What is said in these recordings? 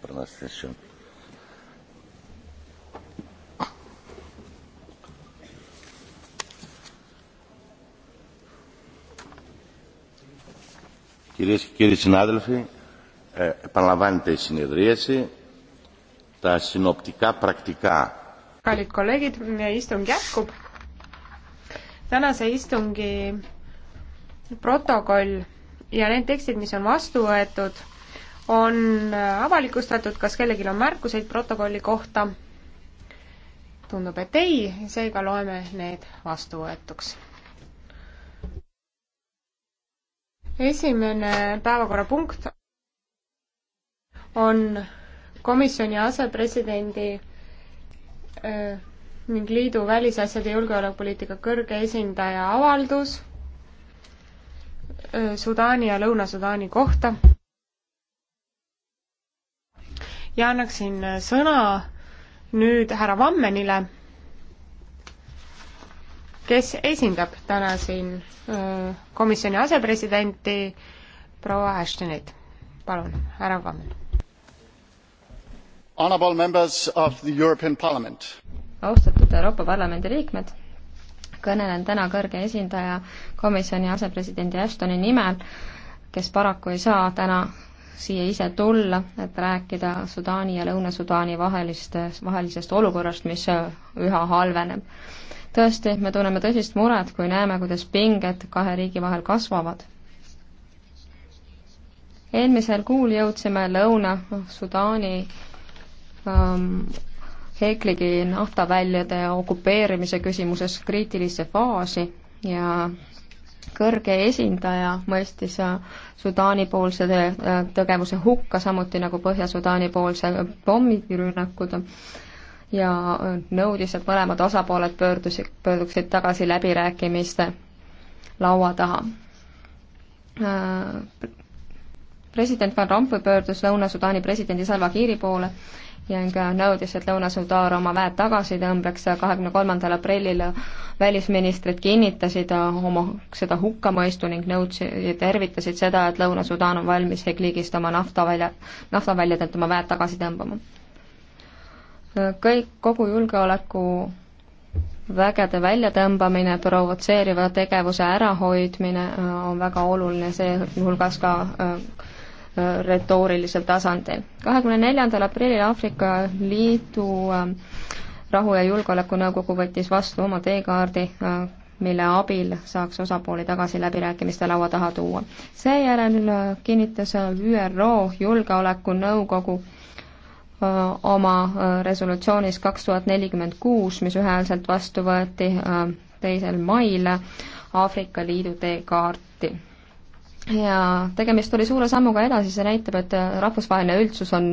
pronunciation. Κυρίες και κύριοι συνάδελφοι, ε, επαναλαμβάνεται η συνεδρίαση. Τα συνοπτικά πρακτικά. Kallid kolleegid, istung jätkub. Tänase istungi protokoll ja need tekstid, mis on vastu võetud, on avalikustatud, kas kellelgi on märkuseid protokolli kohta? tundub, et ei, seega loeme need vastuvõetuks. esimene päevakorrapunkt on komisjoni asepresidendi äh, ning liidu välisasjade julgeolekupoliitika kõrge esindaja avaldus äh, Sudaani ja Lõuna-Sudaani kohta ja annaksin sõna nüüd härra Vammenile, kes esindab täna siin komisjoni asepresidenti proua Ashtonit. palun, härra Vammen. austatud Euroopa Parlamendi liikmed, kõnelen täna kõrge esindaja komisjoni asepresidendi Ashtoni nimel, kes paraku ei saa täna siia ise tulla, et rääkida Sudaani ja Lõuna-Sudaani vahelist, vahelisest olukorrast, mis üha halveneb. tõesti, me tunneme tõsist muret, kui näeme, kuidas pinged kahe riigi vahel kasvavad. eelmisel kuul jõudsime Lõuna-Sudaani ähm, Heekligi naftaväljade okupeerimise küsimuses kriitilisse faasi ja kõrge esindaja mõistis äh, Sudaani poolse äh, tegevuse hukka, samuti nagu Põhja-Sudaani poolse äh, pommirünnakud ja nõudis, et mõlemad osapooled pöördusid, pöörduksid tagasi läbirääkimiste laua taha. President Van Rompuy pöördus Lõuna-Sudaani presidendi Salva Kiiri poole Yang nõudis, et Lõuna-Sudaar oma väed tagasi tõmbaks, kahekümne kolmandal aprillil välisministrid kinnitasid oma seda hukkamõistu ning nõudsid, tervitasid seda, et Lõuna-Sudaan on valmis Hegligist oma naftavälja, naftaväljadelt oma väed tagasi tõmbama. kõik, kogu julgeoleku vägede väljatõmbamine, provotseeriva tegevuse ärahoidmine äh, on väga oluline, seehulgas ka äh, retoorilisel tasandil. kahekümne neljandal aprillil Aafrika Liidu ähm, rahu- ja julgeolekunõukogu võttis vastu oma teekaardi, äh, mille abil saaks osapooli tagasi läbirääkimiste laua taha tuua. seejärel äh, kinnitas äh, ÜRO Julgeolekunõukogu oma resolutsioonis kaks tuhat nelikümmend kuus, mis ühehäälselt vastu võeti teisel mail, Aafrika Liidu teekaarti ja tegemist oli suure sammuga edasi, see näitab, et rahvusvaheline üldsus on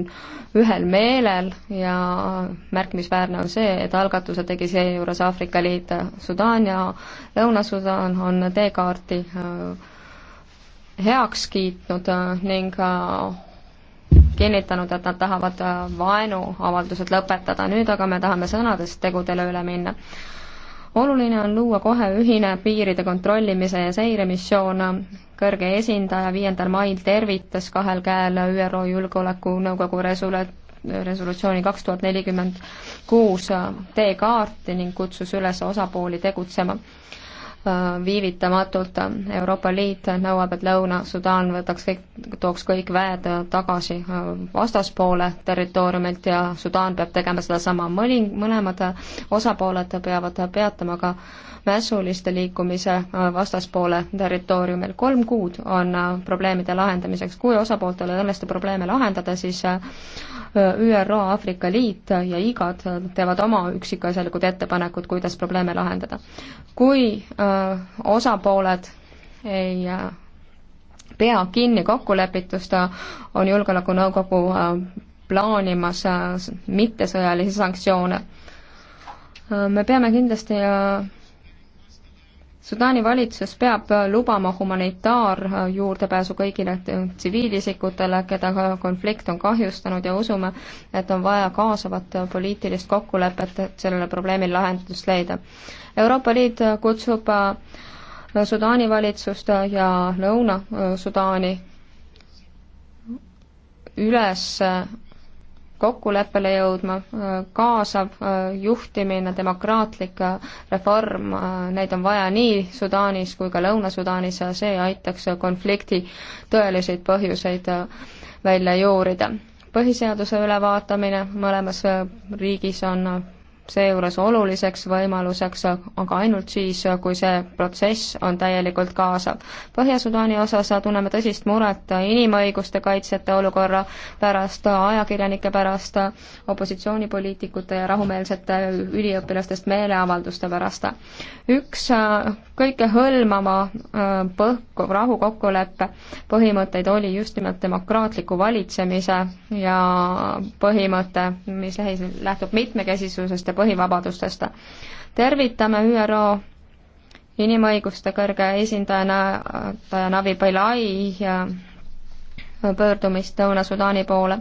ühel meelel ja märkimisväärne on see, et algatuse tegi seejuures Aafrika Liit, Sudaan ja Lõuna-Sudaan on teekaarti äh, heaks kiitnud äh, ning äh, kinnitanud, et nad tahavad vaenuavaldused lõpetada, nüüd aga me tahame sõnadest tegudele üle minna oluline on luua kohe ühine piiride kontrollimise ja seiremissioon kõrge esindaja viiendal mail tervitas kahel käel ÜRO Julgeolekunõukogu resolu-, resolutsiooni kaks tuhat nelikümmend kuus teekaarti ning kutsus üles osapooli tegutsema Äh, viivitamatult. Euroopa Liit nõuab, et Lõuna-Sudaan võtaks kõik, tooks kõik väed tagasi äh, vastaspoole territooriumilt ja Sudaan peab tegema sedasama. mõni, mõlemad osapooled peavad peatama ka mässuliste liikumise äh, vastaspoole territooriumil. kolm kuud on probleemide lahendamiseks. kui osapooltele õnnestub probleeme lahendada, siis ÜRO, Aafrika Liit ja IGAD teevad oma üksikasjalikud ettepanekud, kuidas probleeme lahendada. kui äh, osapooled ei äh, pea kinni kokkulepitust, äh, on Julgeolekunõukogu plaanimas mittesõjalisi sanktsioone. me peame kindlasti Sudaani valitsus peab lubama humanitaarjuurdepääsu äh, kõigile äh, tsiviilisikutele, keda äh, konflikt on kahjustanud ja usume, et on vaja kaasavat poliitilist kokkulepet, et sellele probleemile lahendust leida. Euroopa Liit kutsub Sudaani valitsust ja Lõuna-Sudaani üles kokkuleppele jõudma, kaasav juhtimine, demokraatlik reform, neid on vaja nii Sudaanis kui ka Lõuna-Sudaanis ja see aitaks konflikti tõeliseid põhjuseid välja juurida. põhiseaduse ülevaatamine mõlemas riigis on seejuures oluliseks võimaluseks, aga ainult siis, kui see protsess on täielikult kaasav. Põhja-Sudaani osas tunneme tõsist muret inimõiguste kaitsjate olukorra pärast, ajakirjanike pärast, opositsioonipoliitikute ja rahumeelsete üliõpilastest meeleavalduste pärast. üks kõikehõlmava põhk-, rahukokkuleppe põhimõtteid oli just nimelt demokraatliku valitsemise ja põhimõte, mis lähtub mitmekesisusest ja põhivabadustest. tervitame ÜRO inimõiguste kõrge esindajana äh, Navi Pillai ja pöördumist Lõuna-Sudaani poole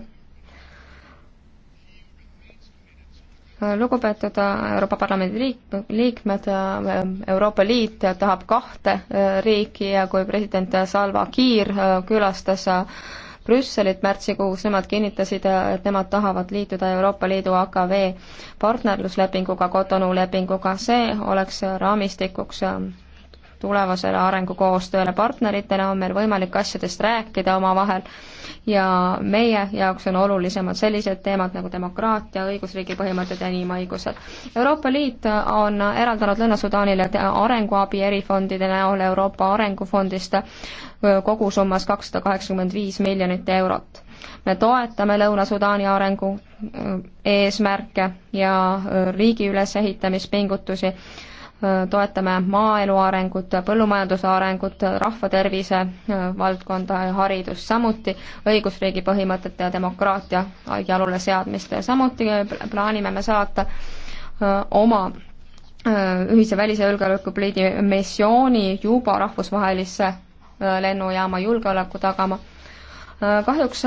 lugupeetud äh, Euroopa Parlamendi liik-, liikmed, äh, Euroopa Liit tahab kahte äh, riiki ja kui president Salva Kiir külastas Brüsselit märtsikuus, nemad kinnitasid, et nemad tahavad liituda Euroopa Liidu AKV partnerluslepinguga, Cotonou lepinguga, see oleks raamistikuks tulevasele arengukoostööle. partneritena on meil võimalik asjadest rääkida omavahel ja meie jaoks on olulisemad sellised teemad nagu demokraatia, õigusriigi põhimõtted ja inimõigused. Euroopa Liit on eraldanud Lõuna-Sudaanile arenguabi erifondide näol Euroopa Arengufondist kogusummas kakssada kaheksakümmend viis miljonit eurot me toetame Lõuna-Sudaani arengu eesmärke ja riigi ülesehitamispingutusi Äh, toetame maaelu arengut, põllumajanduse arengut, rahvatervise äh, valdkonda ja haridust, samuti õigusriigi põhimõtete ja demokraatia jalule seadmist. samuti äh, plaanime me saata oma ühise välise julgeolekupliidi missiooni juba rahvusvahelisse lennujaama julgeoleku tagama. kahjuks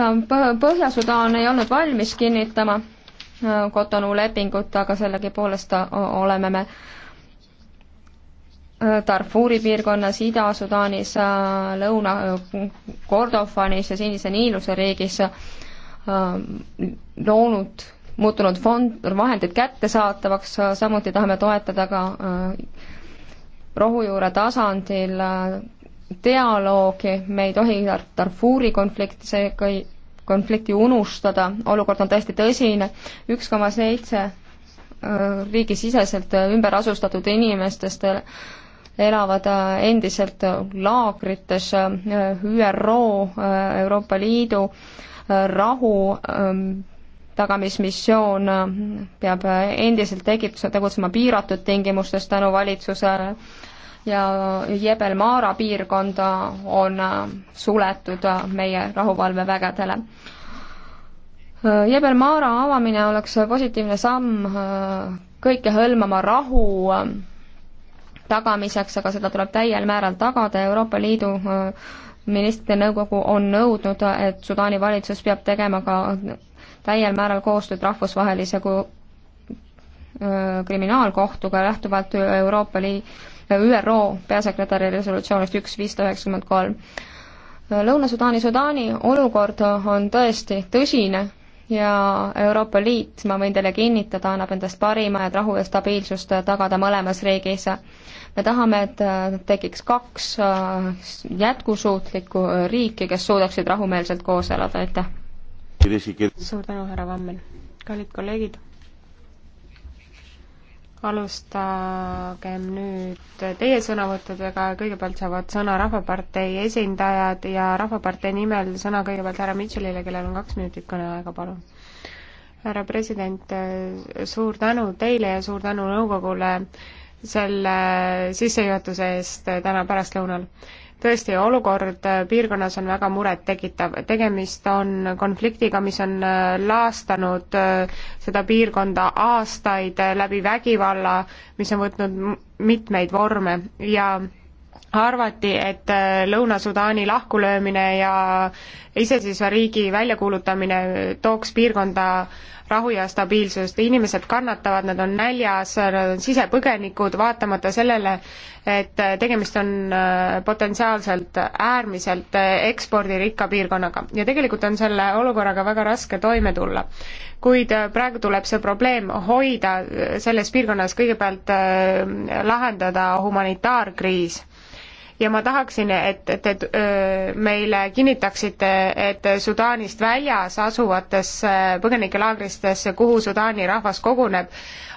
Põhja-Sudaan ei olnud valmis kinnitama Cotonou lepingut, aga sellegipoolest oleme me Darfuri piirkonnas, Ida-Sudaanis, Lõuna, Kordofanis ja Sinise Niiluse riigis äh, loonud, muutunud fond, vahendid kättesaatavaks, samuti tahame toetada ka äh, rohujuure tasandil äh, dialoogi, me ei tohi Darfuri konflikti, see konflikti unustada, olukord on täiesti tõsine, üks koma seitse riigisiseselt ümber asustatud inimestest elavad äh, endiselt laagrites äh, ÜRO, äh, Euroopa Liidu rahu ähm, tagamismissioon peab endiselt Egiptuse tegutsema piiratud tingimustes tänu valitsusele ja Jebel Maara piirkonda on suletud meie rahuvalvevägedele. Jebel Maara avamine oleks positiivne samm kõikehõlmama rahu tagamiseks, aga seda tuleb täiel määral tagada ja Euroopa Liidu äh, ministrite nõukogu on nõudnud, et Sudaani valitsus peab tegema ka täiel määral koostööd rahvusvahelise äh, kriminaalkohtuga lähtuvalt Euroopa Liidu, ÜRO peasekretäri resolutsioonist üks viissada üheksakümmend kolm. Lõuna-Sudaani, Sudaani olukord on tõesti tõsine ja Euroopa Liit, ma võin teile kinnitada, annab endast parima, et rahu ja stabiilsust tagada mõlemas riigis. me tahame, et tekiks kaks äh, jätkusuutlikku riiki, kes suudaksid rahumeelselt koos elada, aitäh! suur tänu, härra Vammen! kallid kolleegid, alustagem nüüd teie sõnavõttudega, kõigepealt saavad sõna Rahvapartei esindajad ja Rahvapartei nimel sõna kõigepealt härra Mitchellile, kellel on kaks minutit kõneaega, palun. härra president, suur tänu teile ja suur tänu nõukogule selle sissejuhatuse eest täna pärastlõunal tõesti, olukord äh, piirkonnas on väga murettekitav, tegemist on konfliktiga, mis on äh, laastanud äh, seda piirkonda aastaid läbi vägivalla, mis on võtnud mitmeid vorme ja arvati, et Lõuna-Sudaani lahkulöömine ja iseseisva riigi väljakuulutamine tooks piirkonda rahu ja stabiilsust. inimesed kannatavad, nad on näljas, nad on sisepõgenikud, vaatamata sellele, et tegemist on äh, potentsiaalselt äärmiselt äh, ekspordirikka piirkonnaga ja tegelikult on selle olukorraga väga raske toime tulla. kuid äh, praegu tuleb see probleem hoida selles piirkonnas kõigepealt lahendada humanitaarkriis ja ma tahaksin, et te äh, meile kinnitaksite, et Sudaanist väljas asuvatesse põgenikelaagritesse, kuhu Sudaani rahvas koguneb,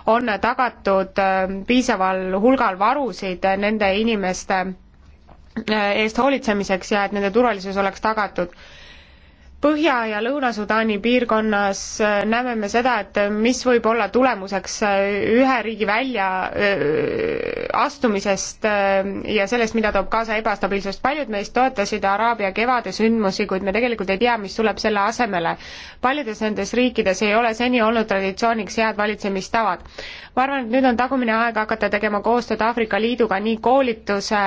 on tagatud äh, piisaval hulgal varusid nende inimeste äh, eest hoolitsemiseks ja et nende turvalisus oleks tagatud Põhja- ja Lõuna-Sudaani piirkonnas äh, näeme me seda, et äh, mis võib olla tulemuseks äh, ühe riigi välja astumisest ja sellest, mida toob kaasa ebastabiilsust. paljud meist toetasid Araabia kevade sündmusi, kuid me tegelikult ei tea, mis tuleb selle asemele. paljudes nendes riikides ei ole seni olnud traditsiooniks head valitsemistavad. ma arvan, et nüüd on tagumine aeg hakata tegema koostööd Aafrika Liiduga nii koolituse,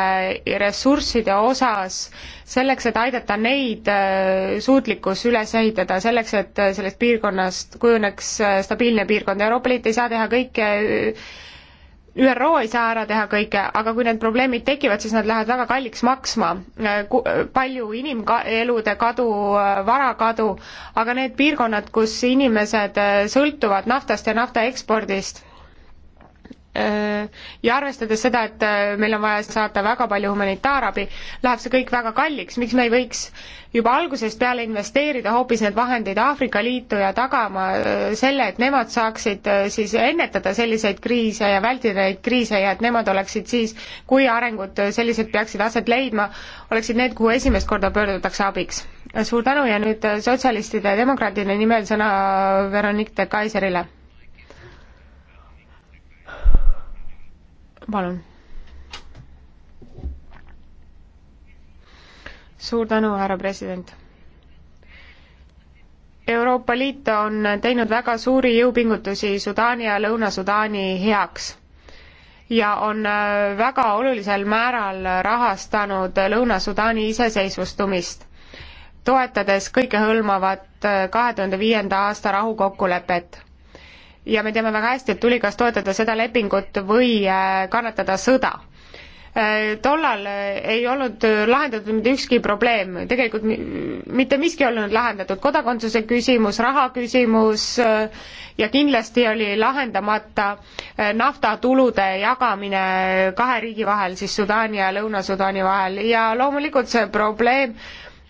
ressursside osas, selleks, et aidata neid äh, suutlikkus üles ehitada, selleks, et äh, sellest piirkonnast kujuneks äh, stabiilne piirkond, Euroopa Liit ei saa teha kõike ÜRO ei saa ära teha kõike, aga kui need probleemid tekivad, siis nad lähevad väga kalliks maksma. palju inimelude kadu, vara kadu, aga need piirkonnad, kus inimesed sõltuvad naftast ja nafta ekspordist ja arvestades seda, et äh, meil on vaja saata väga palju humanitaarabi, läheb see kõik väga kalliks, miks me ei võiks juba algusest peale investeerida hoopis need vahendid Aafrika Liitu ja tagama äh, selle, et nemad saaksid äh, siis ennetada selliseid kriise ja vältida neid kriise ja et nemad oleksid siis, kui arengud sellised peaksid aset leidma, oleksid need, kuhu esimest korda pöördutakse abiks. suur tänu ja nüüd sotsialistide ja demokraatide nimel sõna Veronique de Kaiserile palun. suur tänu, härra president. Euroopa Liit on teinud väga suuri jõupingutusi Sudaani ja Lõuna-Sudaani heaks ja on äh, väga olulisel määral rahastanud Lõuna-Sudaani iseseisvustumist, toetades kõikehõlmavat äh, kahe tuhande viienda aasta rahukokkulepet ja me teame väga hästi, et tuli kas toetada seda lepingut või äh, kannatada sõda äh, tollal äh, ei olnud lahendatud mitte ükski probleem, tegelikult mitte miski ei olnud lahendatud, kodakondsuse küsimus, raha küsimus ja kindlasti oli lahendamata naftatulude jagamine kahe riigi vahel, siis Sudaani ja Lõuna-Sudaani vahel ja loomulikult see probleem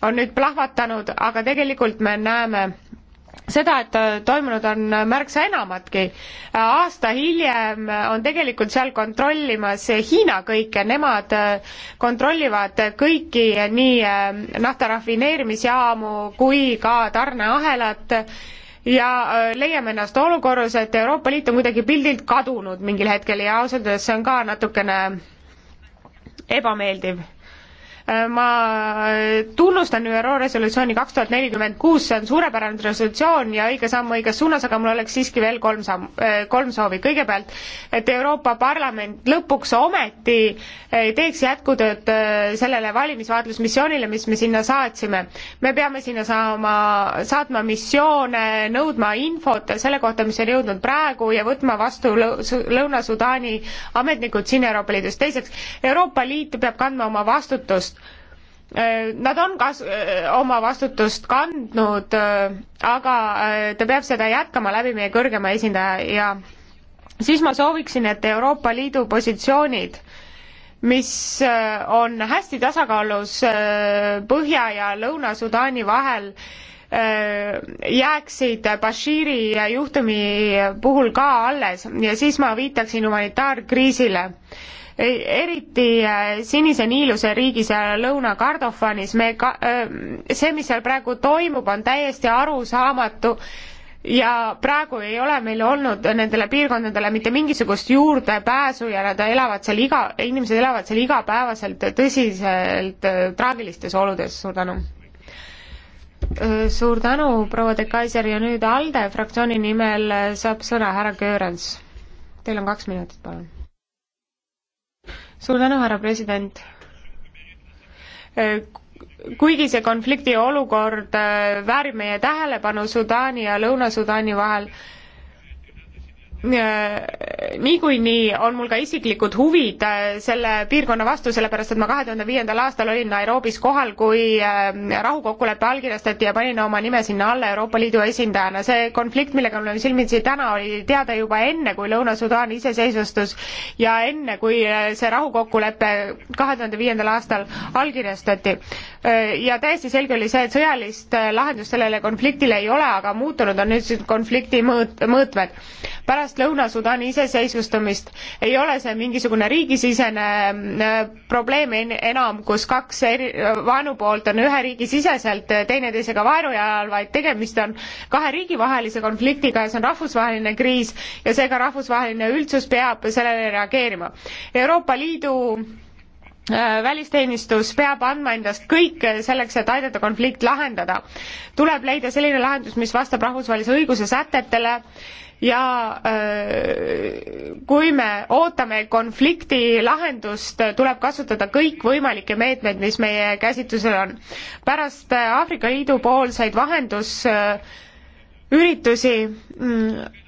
on nüüd plahvatanud, aga tegelikult me näeme, seda, et äh, toimunud on märksa enamatki. aasta hiljem on tegelikult seal kontrollimas Hiina kõike, nemad äh, kontrollivad kõiki nii äh, naftarafineerimisjaamu kui ka tarneahelat ja leiame ennast olukorras, et Euroopa Liit on kuidagi pildilt kadunud mingil hetkel ja ausalt öeldes see on ka natukene ebameeldiv ma tunnustan ÜRO resolutsiooni kaks tuhat nelikümmend kuus, see on suurepärane resolutsioon ja õige samm õiges suunas, aga mul oleks siiski veel kolm samm, äh, kolm soovi. kõigepealt, et Euroopa Parlament lõpuks ometi äh, teeks jätkutööd äh, sellele valimisvaatlusmissioonile, mis me sinna saatsime. me peame sinna saama, saatma missioone, nõudma infot selle kohta, mis on jõudnud praegu ja võtma vastu Lõuna-Sudaani ametnikud siin Euroopa Liidus. teiseks, Euroopa Liit peab kandma oma vastutust Äh, nad on kas-, äh, oma vastutust kandnud, äh, aga ta peab seda jätkama läbi meie kõrgema esindaja ja siis ma sooviksin, et Euroopa Liidu positsioonid mis on hästi tasakaalus Põhja- ja Lõuna-Sudaani vahel, jääksid Bashiri juhtumi puhul ka alles ja siis ma viitaksin humanitaarkriisile eriti äh, Sinise Niiluse riigis ja Lõuna-Kardofanis, me ka-, äh, see, mis seal praegu toimub, on täiesti arusaamatu ja praegu ei ole meil olnud nendele piirkondadele mitte mingisugust juurdepääsu ja nad elavad seal iga, inimesed elavad seal igapäevaselt tõsiselt äh, traagilistes oludes, suur tänu! suur tänu, proua de Kaiser ja nüüd ALDE fraktsiooni nimel saab sõna härra Göörens. Teil on kaks minutit, palun suur tänu, härra president kuigi see konflikti olukord äh, väärib meie tähelepanu Sudaani ja Lõuna-Sudaani vahel, Äh, niikuinii on mul ka isiklikud huvid äh, selle piirkonna vastu, sellepärast et ma kahe tuhande viiendal aastal olin Nairobis kohal, kui äh, rahukokkulepe allkirjastati ja panin oma nime sinna alla Euroopa Liidu esindajana. see konflikt, millega me oleme silmitsi täna, oli teada juba enne, kui Lõuna-Sudaan iseseisvustus ja enne, kui see rahukokkulepe kahe tuhande viiendal aastal allkirjastati. ja täiesti selge oli see, et sõjalist lahendust sellele konfliktile ei ole, aga muutunud on nüüd konflikti mõõt-, mõõtmed pärast Lõuna-Sudaani iseseisvustamist ei ole see mingisugune riigisisene äh, probleem enam, kus kaks eri, vaenupoolt on ühe riigi siseselt teineteisega vaenu jalal, vaid tegemist on kahe riigi vahelise konfliktiga ja see on rahvusvaheline kriis ja seega rahvusvaheline üldsus peab sellele reageerima. Euroopa Liidu äh, välisteenistus peab andma endast kõik selleks, et aidata konflikt lahendada. tuleb leida selline lahendus, mis vastab rahvusvahelise õiguse sätetele ja äh, kui me ootame konflikti lahendust, tuleb kasutada kõikvõimalikke meetmeid, mis meie käsitusel on. pärast äh, Aafrika Liidu poolseid vahendusüritusi äh, mm,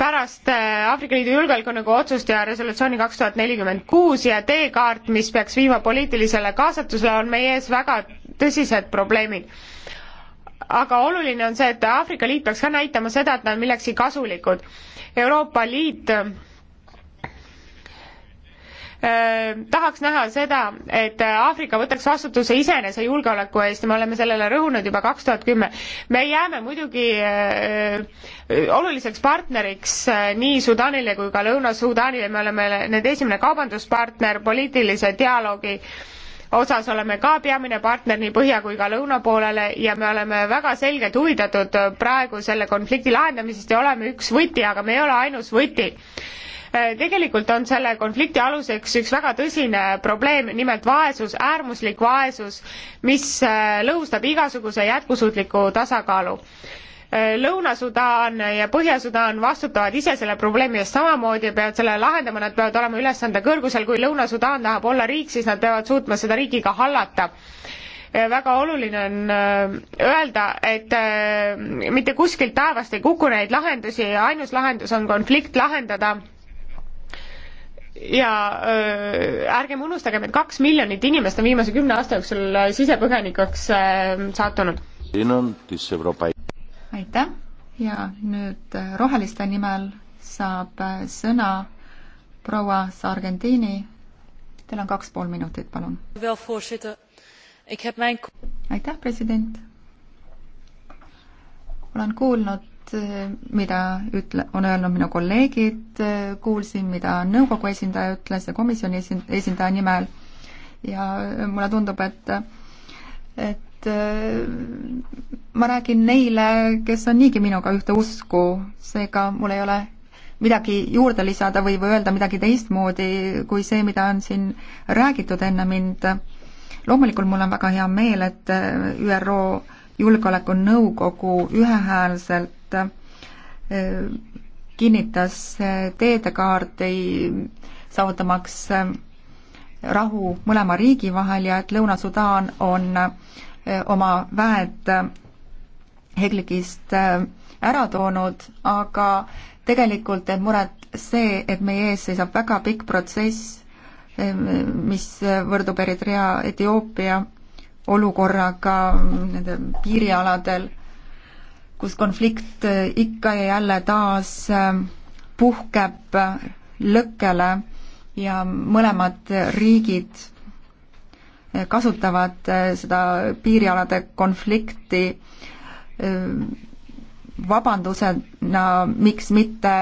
pärast Aafrika Liidu Julgeolekunõukogu otsust ja resolutsiooni kaks tuhat nelikümmend kuus ja teekaart, mis peaks viima poliitilisele kaasatusele, on meie ees väga tõsised probleemid aga oluline on see, et Aafrika Liit peaks ka näitama seda, et nad on millekski kasulikud. Euroopa Liit äh, tahaks näha seda, et Aafrika võtaks vastutuse iseenese julgeoleku eest ja me oleme sellele rõhunud juba kaks tuhat kümme. me jääme muidugi äh, äh, oluliseks partneriks nii Sudaanile kui ka Lõuna-Sudaanile, me oleme nende esimene kaubanduspartner poliitilise dialoogi äh, osas oleme ka peamine partner nii põhja kui ka lõuna poolele ja me oleme väga selgelt huvitatud praegu selle konflikti lahendamisest ja oleme üks võti, aga me ei ole ainus võti tegelikult on selle konflikti aluseks üks väga tõsine probleem, nimelt vaesus, äärmuslik vaesus, mis lõhustab igasuguse jätkusuutliku tasakaalu Äh, Lõuna-Sudaan ja Põhja-Sudaan vastutavad ise selle probleemi eest samamoodi ja peavad selle lahendama, nad peavad olema ülesande kõrgusel, kui Lõuna-Sudaan tahab olla riik, siis nad peavad suutma seda riiki ka hallata. Äh, väga oluline on äh, öelda, et mitte kuskilt taevast ei kuku neid lahendusi ja ainus lahendus on konflikt lahendada ja öö, ärgem unustagem, et kaks miljonit inimest on viimase kümne aasta jooksul sisepõgenikeks sattunud aitäh ja nüüd äh, Roheliste nimel saab äh, sõna proua Sargentini. Teil on kaks pool minutit, palun. aitäh, president. olen kuulnud, äh, mida ütle, on öelnud minu kolleegid, kuulsin, mida nõukogu esindaja ütles ja komisjoni esindaja nimel ja mulle tundub, et et Äh, ma räägin neile, kes on niigi minuga ühte usku, seega mul ei ole midagi juurde lisada või, või öelda midagi teistmoodi kui see, mida on siin räägitud enne mind. loomulikult mul on väga hea meel, et äh, ÜRO Julgeolekunõukogu ühehäälselt äh, kinnitas teedekaardi saavutamaks rahu mõlema riigi vahel ja et Lõuna-Sudaan on äh, Eh, oma väed eh, Heglikist eh, ära toonud, aga tegelikult teeb muret see, et meie ees seisab väga pikk protsess, mis võrdub Eritrea, Etioopia olukorraga mm, nende piirialadel, kus konflikt ikka ja jälle taas puhkeb lõkkele ja mõlemad riigid kasutavad äh, seda piirialade konflikti äh, vabandusena, miks mitte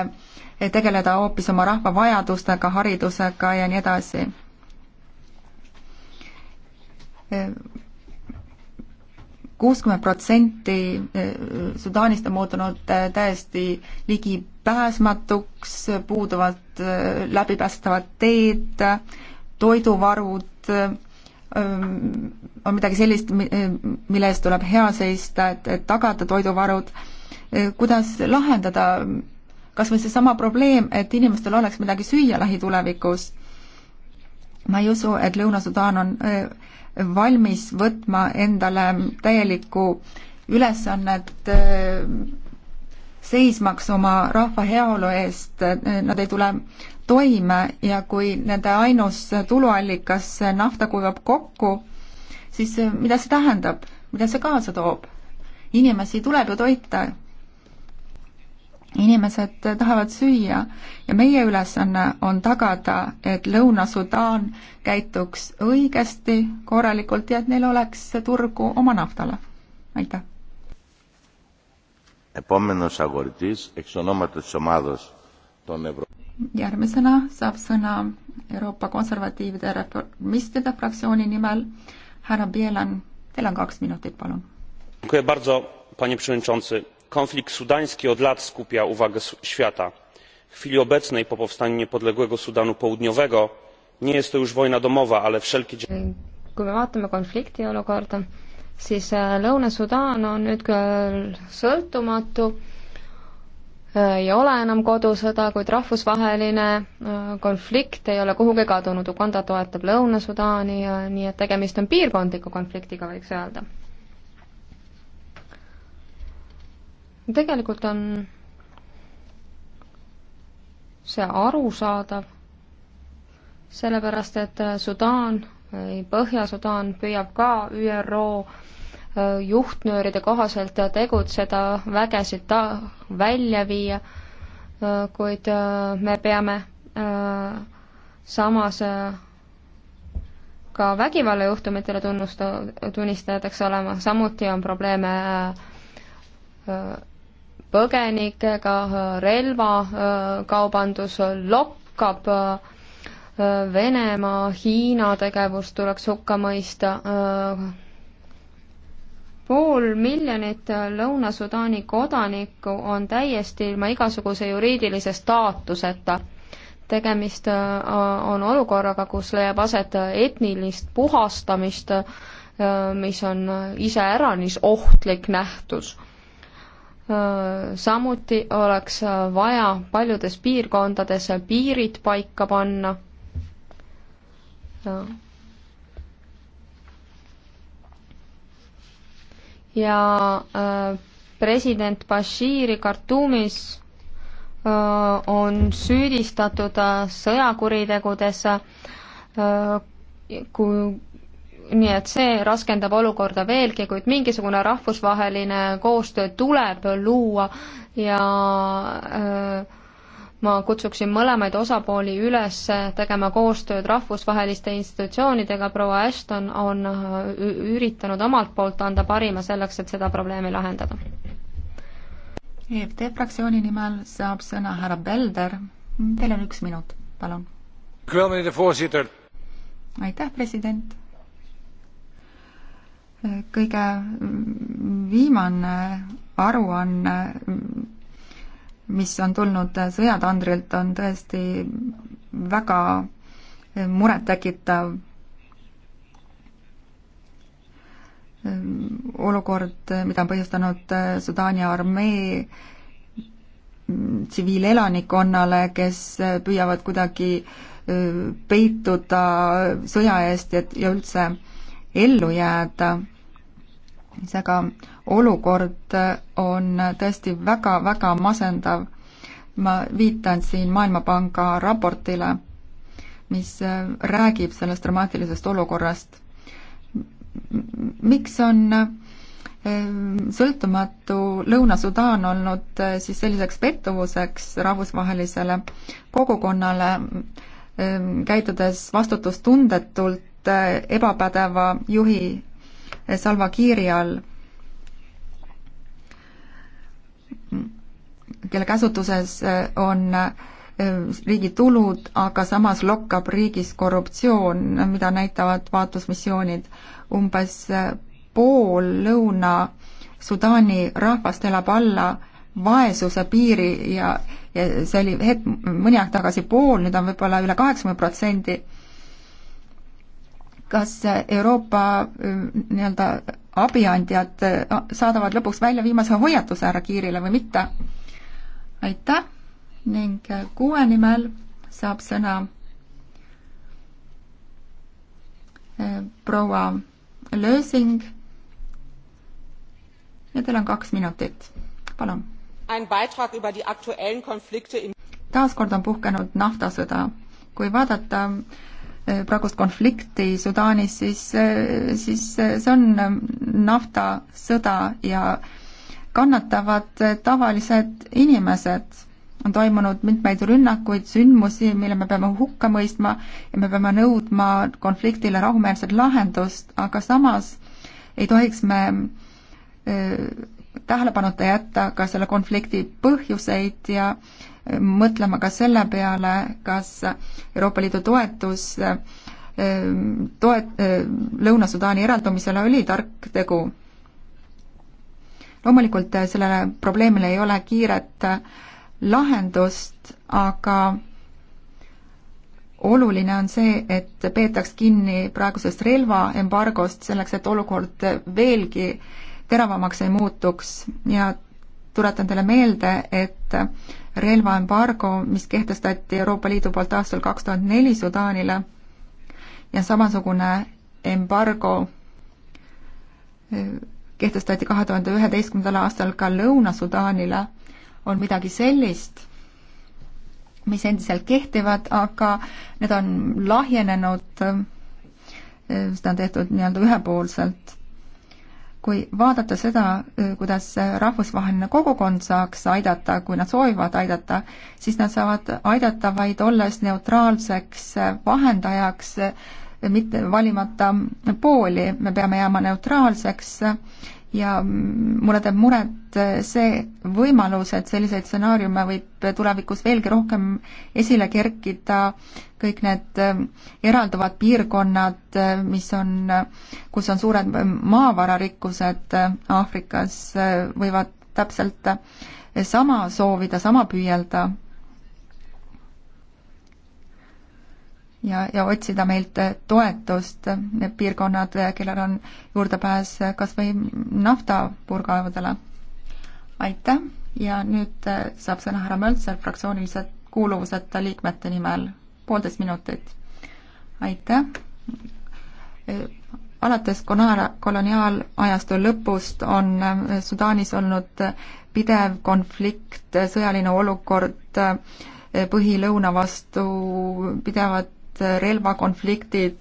eh, tegeleda hoopis oma rahva vajadustega, haridusega ja nii edasi. Äh, kuuskümmend protsenti Sudaanist on muutunud täiesti ligipääsmatuks, puuduvad läbipäästavad teed, toiduvarud, on midagi sellist, mille eest tuleb hea seista, et, et tagada toiduvarud, kuidas lahendada kas või seesama probleem, et inimestel oleks midagi süüa lähitulevikus. ma ei usu, et Lõuna-Sudaan on valmis võtma endale täielikku ülesannet seismaks oma rahva heaolu eest, nad ei tule toime ja kui nende ainus tuluallikas nafta kuivab kokku, siis mida see tähendab, mida see kaasa toob? inimesi tuleb ju toita. inimesed tahavad süüa ja meie ülesanne on tagada, et Lõuna-Sudaan käituks õigesti, korralikult ja et neil oleks turgu oma naftale. aitäh! Επόμενος αγορητής, εξ ονόματος της ομάδος των Ευρωπαϊκών järgmisena saab sõna Euroopa Konservatiivide Reformistide fraktsiooni nimel härra Bielan, teil on kaks minutit, palun. konflikt sudański od lat skupia uwagę świata. w chwili obecnej po powstaniu niepodległego sudanu południowego nie jest to już wojna domowa ale wszelkie kui me vaatame konflikti olukorda siis äh, Lõuna-Sudaan on nüüd küll sõltumatu, äh, ei ole enam kodusõda, kuid rahvusvaheline äh, konflikt ei ole kuhugi kadunud, Uganda toetab Lõuna-Sudaani ja nii et tegemist on piirkondliku konfliktiga, võiks öelda. tegelikult on see arusaadav, sellepärast et Sudaan Põhja-Sudaan püüab ka ÜRO äh, juhtnööride kohaselt tegutseda, vägesid ta-, välja viia, äh, kuid äh, me peame samas ka vägivallajuhtumitele tunnusta-, tunnistajateks olema, samuti on probleeme põgenikega, relvakaubandus lokkab Venemaa, Hiina tegevus tuleks hukka mõista. pool miljonit Lõuna-Sudaani kodanikku on täiesti ilma igasuguse juriidilise staatuseta. tegemist äh, on olukorraga, kus leiab aset etnilist puhastamist, äh, mis on iseäranis ohtlik nähtus äh, samuti oleks vaja paljudes piirkondades piirid paika panna ja äh, president Bashiri Khartoumis äh, on süüdistatud äh, sõjakuritegudes, kui nii et see raskendab olukorda veelgi, kuid mingisugune rahvusvaheline koostöö tuleb luua ja öö, ma kutsuksin mõlemaid osapooli üles tegema koostööd rahvusvaheliste institutsioonidega, proua Ashton on äh, üritanud omalt poolt anda parima selleks, et seda probleemi lahendada. EFT fraktsiooni nimel saab sõna härra Belder. Teil on üks minut, palun. aitäh, president kõige viimane aruanne mis on tulnud sõjatandrilt, on tõesti väga eh, murettekitav eh, olukord, eh, mida on põhjustanud Sudaani armee mm, tsiviilelanikkonnale, kes püüavad kuidagi peituda sõja eest ja üldse ellu jääda seega olukord on tõesti väga-väga masendav. ma viitan siin Maailmapanga raportile, mis räägib sellest dramaatilisest olukorrast. miks on eh, sõltumatu Lõuna-Sudaan olnud eh, siis selliseks pettuvuseks rahvusvahelisele kogukonnale, eh, käitudes vastutustundetult ebapädeva juhi Salva Kiiri all, kelle käsutuses äh, on äh, riigi tulud, aga samas lokkab riigis korruptsioon, mida näitavad vaatlusmissioonid. umbes äh, pool Lõuna-Sudaani rahvast elab alla vaesuse piiri ja, ja see oli hetk, mõni aeg tagasi pool, nüüd on võib-olla üle kaheksakümmend protsendi kas Euroopa äh, nii-öelda abiandjad äh, saadavad lõpuks välja viimase hoiatuse härra Kiirile või mitte. aitäh ning äh, kuue nimel saab sõna proua Lösing ja teil on kaks minutit, palun. taaskord on puhkenud naftasõda. kui vaadata Äh, praegust konflikti Sudaanis, siis, äh, siis äh, see on ähm, naftasõda ja kannatavad tavalised inimesed. on toimunud mitmeid rünnakuid, sündmusi, mille me peame hukka mõistma ja me peame nõudma konfliktile rahumeelset lahendust, aga samas ei tohiks me tähelepanuta jätta ka selle konflikti põhjuseid ja mõtlema ka selle peale, kas Euroopa Liidu toetus toet-, Lõuna-Sudaani eraldumisele oli tark tegu. loomulikult sellele probleemile ei ole kiiret lahendust, aga oluline on see, et peetaks kinni praegusest relvaembargost, selleks et olukord veelgi teravamaks ei muutuks ja tuletan teile meelde, et relvaembargo, mis kehtestati Euroopa Liidu poolt aastal kaks tuhat neli Sudaanile ja samasugune embargo eh, kehtestati kahe tuhande üheteistkümnendal aastal ka Lõuna-Sudaanile, on midagi sellist, mis endiselt kehtivad, aga need on lahjenenud, eh, seda on tehtud nii-öelda ühepoolselt kui vaadata seda, kuidas rahvusvaheline kogukond saaks aidata, kui nad soovivad aidata, siis nad saavad aidata vaid olles neutraalseks vahendajaks, mitte valimata pooli, me peame jääma neutraalseks ja mulle teeb muret see võimalus, et selliseid stsenaariume võib tulevikus veelgi rohkem esile kerkida, kõik need äh, eralduvad piirkonnad, äh, mis on, kus on suured maavararikkused äh, Aafrikas, võivad täpselt sama soovida, sama püüelda ja, ja otsida meilt eh, toetust, need piirkonnad, eh, kellel on juurdepääs eh, kas või naftapurgaevadele. aitäh ja nüüd saab sõna härra Möltser fraktsioonilise kuuluvuseta liikmete nimel, poolteist minutit. aitäh! alates koloniaalajastu lõpust on Sudaanis olnud pidev konflikt, sõjaline olukord põhilõuna vastu, pidevad relvakonfliktid,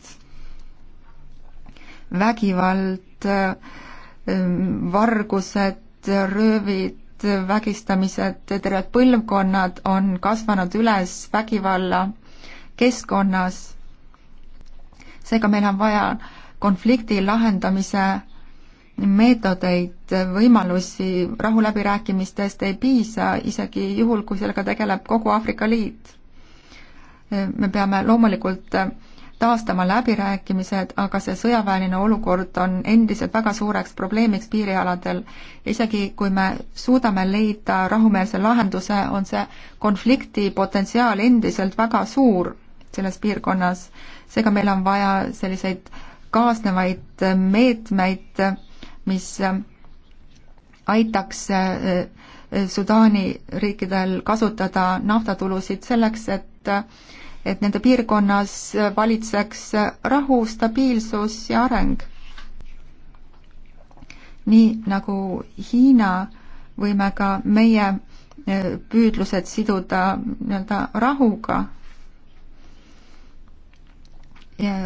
vägivald, vargused, röövid, vägistamised, terved põlvkonnad on kasvanud üles vägivalla keskkonnas. seega meil on vaja konflikti lahendamise meetodeid, võimalusi rahuläbirääkimistest ei piisa, isegi juhul, kui sellega tegeleb kogu Aafrika Liit me peame loomulikult taastama läbirääkimised, aga see sõjaväeline olukord on endiselt väga suureks probleemiks piirialadel. isegi kui me suudame leida rahumeelse lahenduse, on see konflikti potentsiaal endiselt väga suur selles piirkonnas. seega meil on vaja selliseid kaasnevaid meetmeid, mis aitaks Sudaani riikidel kasutada naftatulusid selleks, et et nende piirkonnas valitseks rahu, stabiilsus ja areng. nii nagu Hiina, võime ka meie e, püüdlused siduda nii-öelda rahuga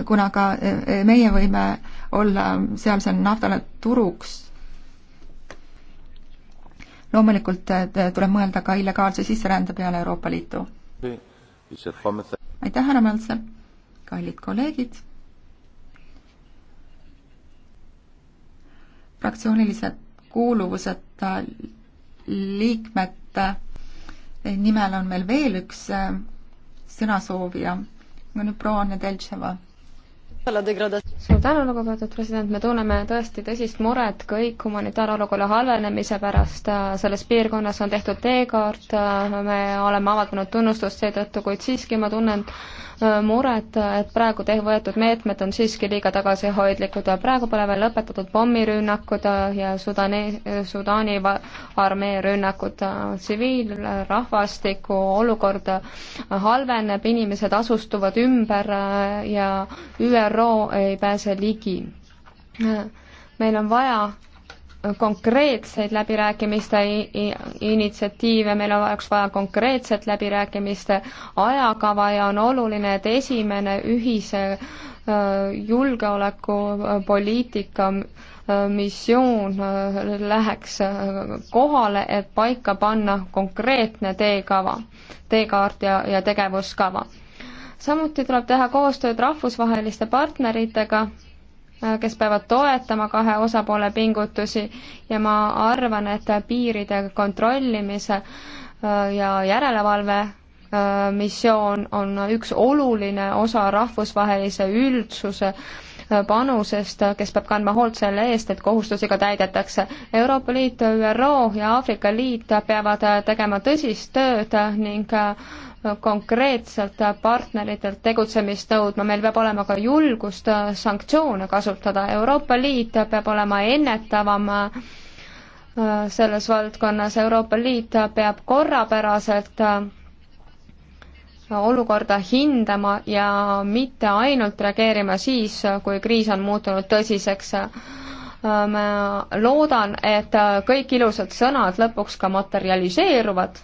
kuna ka e, e, meie võime olla sealsel naftale turuks loomulikult tuleb mõelda ka illegaalse sisserände peale Euroopa Liitu. aitäh, härra Mälzer, kallid kolleegid. fraktsioonilised kuuluvuseta liikmete nimel on meil veel üks äh, sõnasoovija, nüüd proua Nedeltševa suur tänu, lugupeetud president, me tunneme tõesti tõsist muret kõik humanitaarolukorra halvenemise pärast, selles piirkonnas on tehtud teekaart, me oleme avaldanud tunnustust seetõttu, kuid siiski ma tunnen Äh, muret, et praegu te võetud meetmed on siiski liiga tagasihoidlikud. praegu pole veel lõpetatud pommirünnakud ja Sudani, Sudaani armee rünnakud. tsiviilrahvastiku olukord halveneb, inimesed asustuvad ümber äh, ja ÜRO ei pääse ligi. Äh, meil on vaja konkreetseid läbirääkimiste initsiatiive, meil oleks vaja konkreetset läbirääkimiste ajakava ja on oluline, et esimene ühise julgeolekupoliitika missioon läheks kohale, et paika panna konkreetne teekava, teekaart ja, ja tegevuskava. samuti tuleb teha koostööd rahvusvaheliste partneritega Äh, kes peavad toetama kahe osapoole pingutusi ja ma arvan, et piiride kontrollimise äh, ja järelevalve äh, missioon on üks oluline osa rahvusvahelise üldsuse panusest, kes peab kandma hoolt selle eest, et kohustusi ka täidetakse. Euroopa Liit, ÜRO ja Aafrika Liit peavad tegema tõsist tööd ning konkreetselt partneritelt tegutsemist nõudma, meil peab olema ka julgust sanktsioone kasutada, Euroopa Liit peab olema ennetavam äh, selles valdkonnas, Euroopa Liit peab korrapäraselt äh, olukorda hindama ja mitte ainult reageerima siis, kui kriis on muutunud tõsiseks. Äh, ma loodan, et kõik ilusad sõnad lõpuks ka materialiseeruvad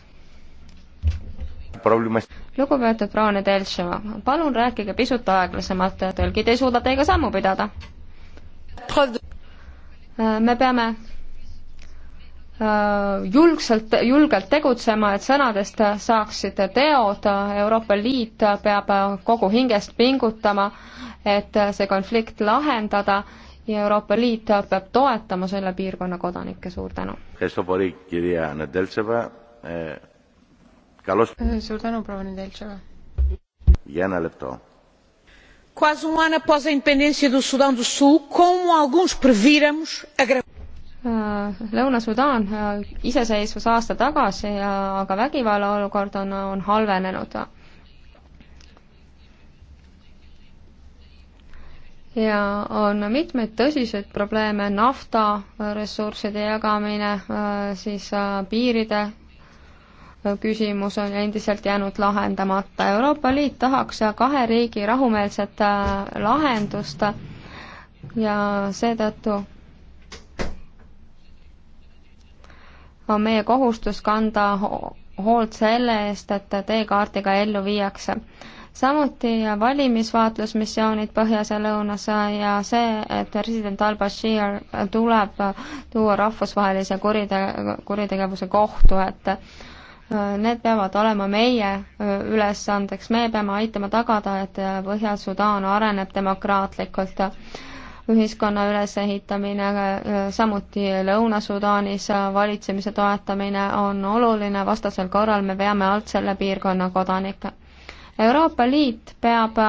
lugupeetud proua Nedeltševa, palun rääkige pisut aeglasemalt, tõlgid ei suuda teiega sammu pidada. me peame äh, julgselt, julgelt tegutsema, et sõnadest saaksid teod, Euroopa Liit peab kogu hingest pingutama, et see konflikt lahendada ja Euroopa Liit peab toetama selle piirkonna kodanikke, suur tänu suur tänu, proua Nedeltšova. Quase um ano após a independência do Sudão do Sul, como alguns prevíramos, agravou. Äh, Lõuna-Sudaan äh, iseseisvus aasta tagasi ja äh, aga vägivalla olukord on, on halvenenud. ja on mitmeid tõsiseid probleeme, naftaressursside jagamine, siis piiride küsimus on endiselt jäänud lahendamata. Euroopa Liit tahaks kahe riigi rahumeelset äh, lahendust ja seetõttu on meie kohustus kanda hoolt selle eest, et teekaardiga ellu viiakse. samuti valimisvaatlusmissioonid põhjas ja lõunas ja see, et president al-Bashir tuleb tuua rahvusvahelise kurite-, kuritegevuse kohtu ette Äh, need peavad olema meie äh, ülesandeks, me peame aitama tagada, et äh, Põhja-Sudaan areneb demokraatlikult. ühiskonna ülesehitamine, samuti Lõuna-Sudaanis valitsemise toetamine on oluline, vastasel korral me veame alt selle piirkonna kodanikke Euroopa Liit peab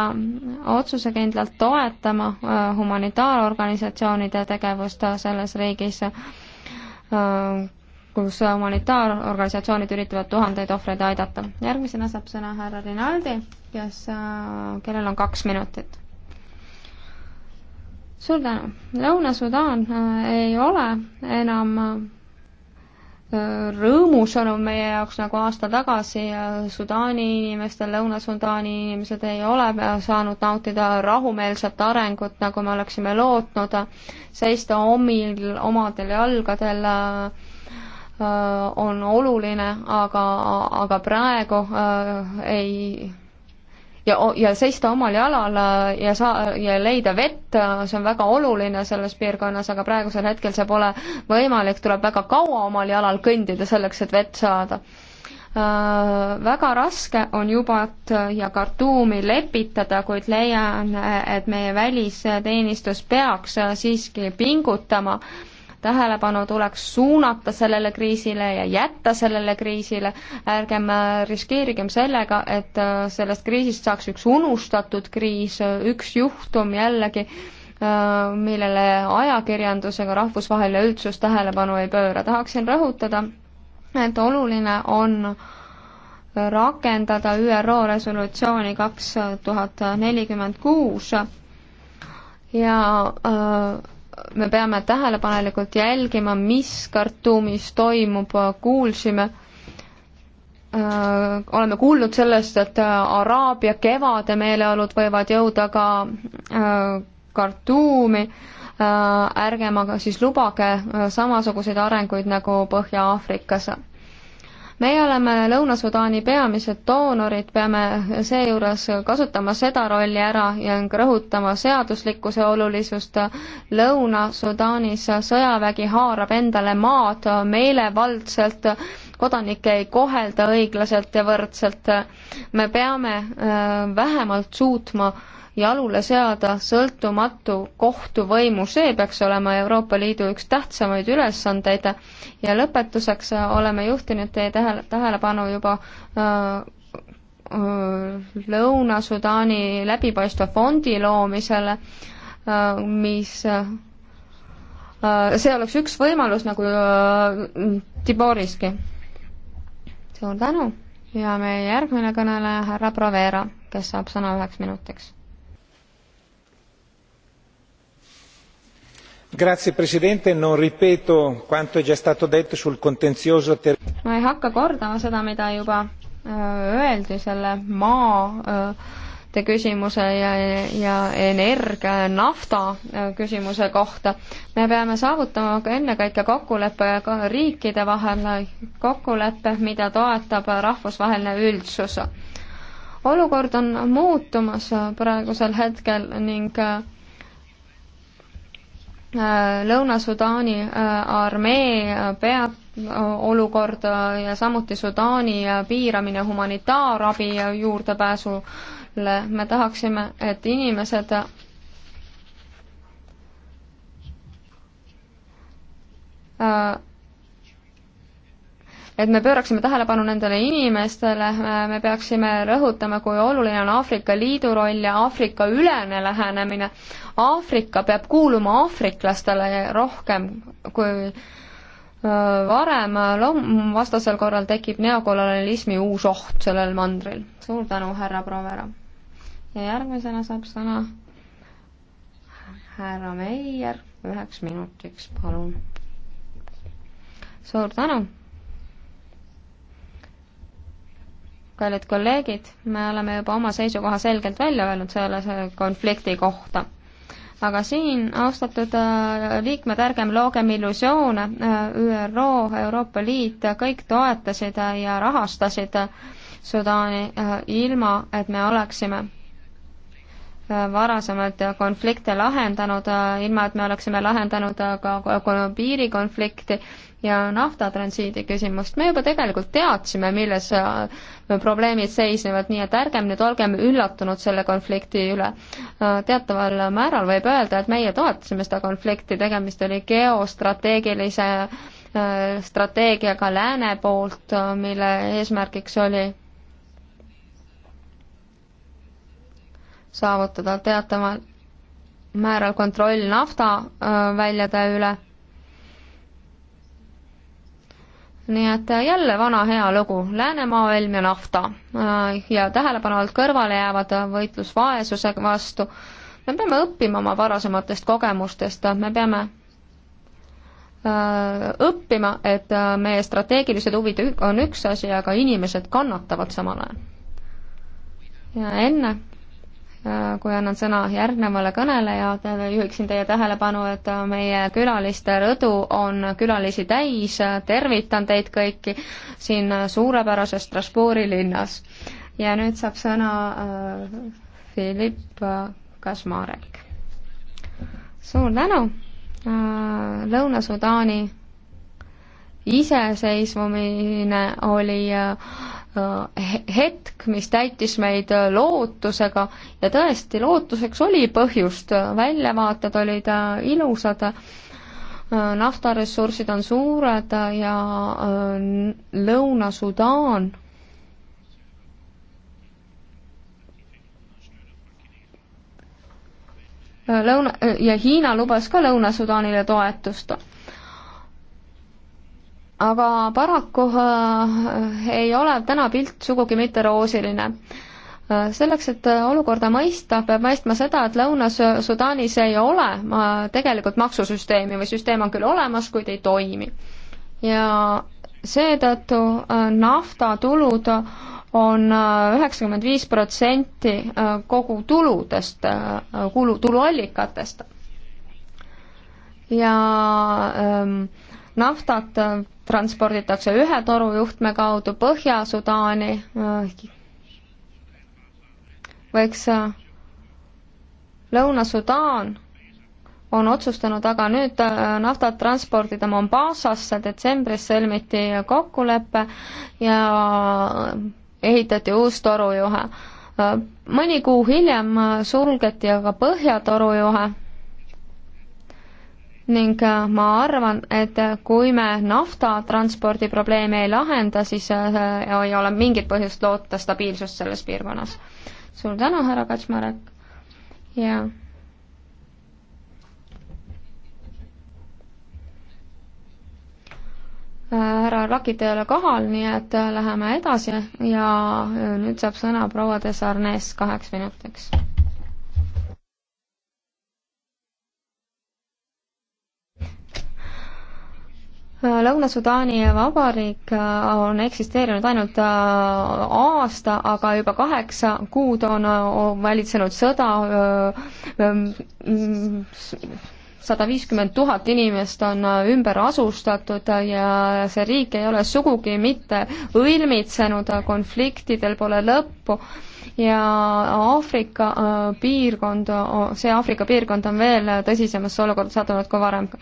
otsusekindlalt toetama humanitaarorganisatsioonide tegevust selles riigis kus humanitaarorganisatsioonid üritavad tuhandeid ohvreid aidata. järgmisena saab sõna härra Rinaldi, kes, äh, kellel on kaks minutit suur tänu. Lõuna-Sudaan äh, ei ole enam äh, rõõmusõnum meie jaoks nagu aasta tagasi ja Sudaani inimestel, Lõuna-Sudaani inimesed ei ole saanud nautida rahumeelset arengut, nagu me oleksime lootnud, seista omil, omadel jalgadel ja Äh, on oluline, aga, aga praegu äh, ei ja, ja seista omal jalal äh, ja saa-, ja leida vett, see on väga oluline selles piirkonnas, aga praegusel hetkel see pole võimalik, tuleb väga kaua omal jalal kõndida selleks, et vett saada väga raske on Jubat ja Khartoumi lepitada, kuid leian, et meie välisteenistus peaks siiski pingutama äh, tähelepanu tuleks suunata sellele kriisile ja jätta sellele kriisile, ärgem äh, riskeerigem sellega, et äh, sellest kriisist saaks üks unustatud kriis, äh, üks juhtum jällegi, millele ajakirjandusega rahvusvaheline üldsus tähelepanu ei pööra. tahaksin rõhutada, et oluline on rakendada ÜRO resolutsiooni kaks tuhat nelikümmend kuus ja öö, me peame tähelepanelikult jälgima, mis Khartoumis toimub, kuulsime äh, oleme kuulnud sellest, et äh, Araabia kevade meeleolud võivad jõuda ka äh, Khartoumi, ärgem aga siis lubage samasuguseid arenguid nagu Põhja-Aafrikas meie oleme Lõuna-Sudaani peamised doonorid, peame seejuures kasutama seda rolli ära ja rõhutama seaduslikkuse olulisust. Lõuna-Sudaanis sõjavägi haarab endale maad meelevaldselt, kodanikke ei kohelda õiglaselt ja võrdselt. me peame äh, vähemalt suutma jalule seada sõltumatu kohtuvõimu, see peaks olema Euroopa Liidu üks tähtsamaid ülesandeid ja lõpetuseks oleme juhtinud teie tähele, tähelepanu juba öö, äh, öö, äh, Lõuna-Sudaani läbipaistva fondi loomisele, äh, mis öö, see oleks üks võimalus nagu Tiboriski. suur tänu ja meie järgmine kõneleja, härra Provera, kes saab sõna üheks minutiks signor presidente non ripeto quanto è già stato detto sul contenzioso. ma ei hakka kordama seda mida juba öeldi selle maade küsimuse ja, ja energia ja nafta küsimuse kohta. me peame saavutama ka ennekõike kokkuleppe riikide vahel, kokkuleppe, mida toetab rahvusvaheline üldsus. olukord on muutumas praegusel hetkel ning Äh, Lõuna-Sudaani äh, armee äh, peab olukorda ja samuti Sudaani piiramine humanitaarabi juurdepääsule. me tahaksime, et inimesed et me pööraksime tähelepanu nendele inimestele, me peaksime rõhutama, kui oluline on Aafrika Liidu roll ja Aafrika ülene lähenemine. Aafrika peab kuuluma aafriklastele rohkem kui varem, loom-, vastasel korral tekib neokolonialismi uus oht sellel mandril. suur tänu, härra Provera! ja järgmisena saab sõna härra Meier üheks minutiks, palun. suur tänu! kallid kolleegid, me oleme juba oma seisukoha selgelt välja öelnud selle konflikti kohta aga siin, austatud äh, liikmed, ärgem loogem illusioone, äh, ÜRO, Euroopa Liit, kõik toetasid ja rahastasid Sudaani äh, ilma, et me oleksime varasemaid konflikte lahendanud, äh, ilma et me oleksime lahendanud äh, ka piirikonflikti ja naftatransiidi küsimust. me juba tegelikult teadsime, milles äh, probleemid seisnevad, nii et ärgem nüüd olgem üllatunud selle konflikti üle. teataval määral võib öelda, et meie toetasime seda konflikti, tegemist oli geostrateegilise strateegiaga lääne poolt, mille eesmärgiks oli saavutada teataval määral kontroll naftaväljade üle. nii et äh, jälle vana hea lugu, läänemaailm ja nafta. Äh, ja tähelepanu alt kõrvale jäävad äh, võitlus vaesuse vastu. me peame õppima oma varasematest kogemustest, me peame õppima, et meie strateegilised huvid on üks asi, aga inimesed kannatavad samal ajal. ja enne Äh, kui annan sõna järgnevale kõnelejale, juhiksin teie tähelepanu, et äh, meie külaliste rõdu on külalisi täis, tervitan teid kõiki siin äh, suurepärases Strasbourgi linnas. ja nüüd saab sõna Philipp Kasmarek. suur tänu, Lõuna-Sudaani iseseisvumine oli äh, Äh, hetk, mis täitis meid äh, lootusega ja tõesti, lootuseks oli põhjust, äh, väljavaated olid ilusad, naftaressursid on suured ja Lõuna-Sudaan Lõuna- ja Hiina lubas ka Lõuna-Sudaanile toetust aga paraku äh, ei ole täna pilt sugugi mitte roosiline äh, selleks, et olukorda mõista, peab mõistma seda, et Lõuna-Sudaanis ei ole äh, tegelikult maksusüsteemi või süsteem on küll olemas, kuid ei toimi. ja seetõttu naftatulud on üheksakümmend viis protsenti kogu tuludest, kulu, tuluallikatest. ja ähm, naftat transporditakse ühe torujuhtme kaudu Põhja-Sudaani, äh, võiks äh, Lõuna-Sudaan on otsustanud aga nüüd äh, naftat transportida Mombasasse, detsembris sõlmiti kokkulepe ja ehitati uus torujuhe. mõni kuu hiljem sulgeti aga Põhja torujuhe ning äh, ma arvan, et äh, kui me naftatranspordi probleemi ei lahenda, siis äh, ei ole mingit põhjust loota stabiilsust selles piirkonnas. suur tänu, härra Kaczmarek ja härra Lakit ei ole kohal, nii et läheme edasi ja nüüd saab sõna proua Desarnes kaheks minutiks Lõuna-Sudaani vabariik äh, on eksisteerinud ainult äh, aasta, aga juba kaheksa kuud on äh, valitsenud sõda, sada viiskümmend tuhat inimest on ümber asustatud ja see riik ei ole sugugi mitte õilmitsenud, konfliktidel pole lõppu ja Aafrika piirkond, see Aafrika piirkond on veel tõsisemasse olukorda sattunud kui varem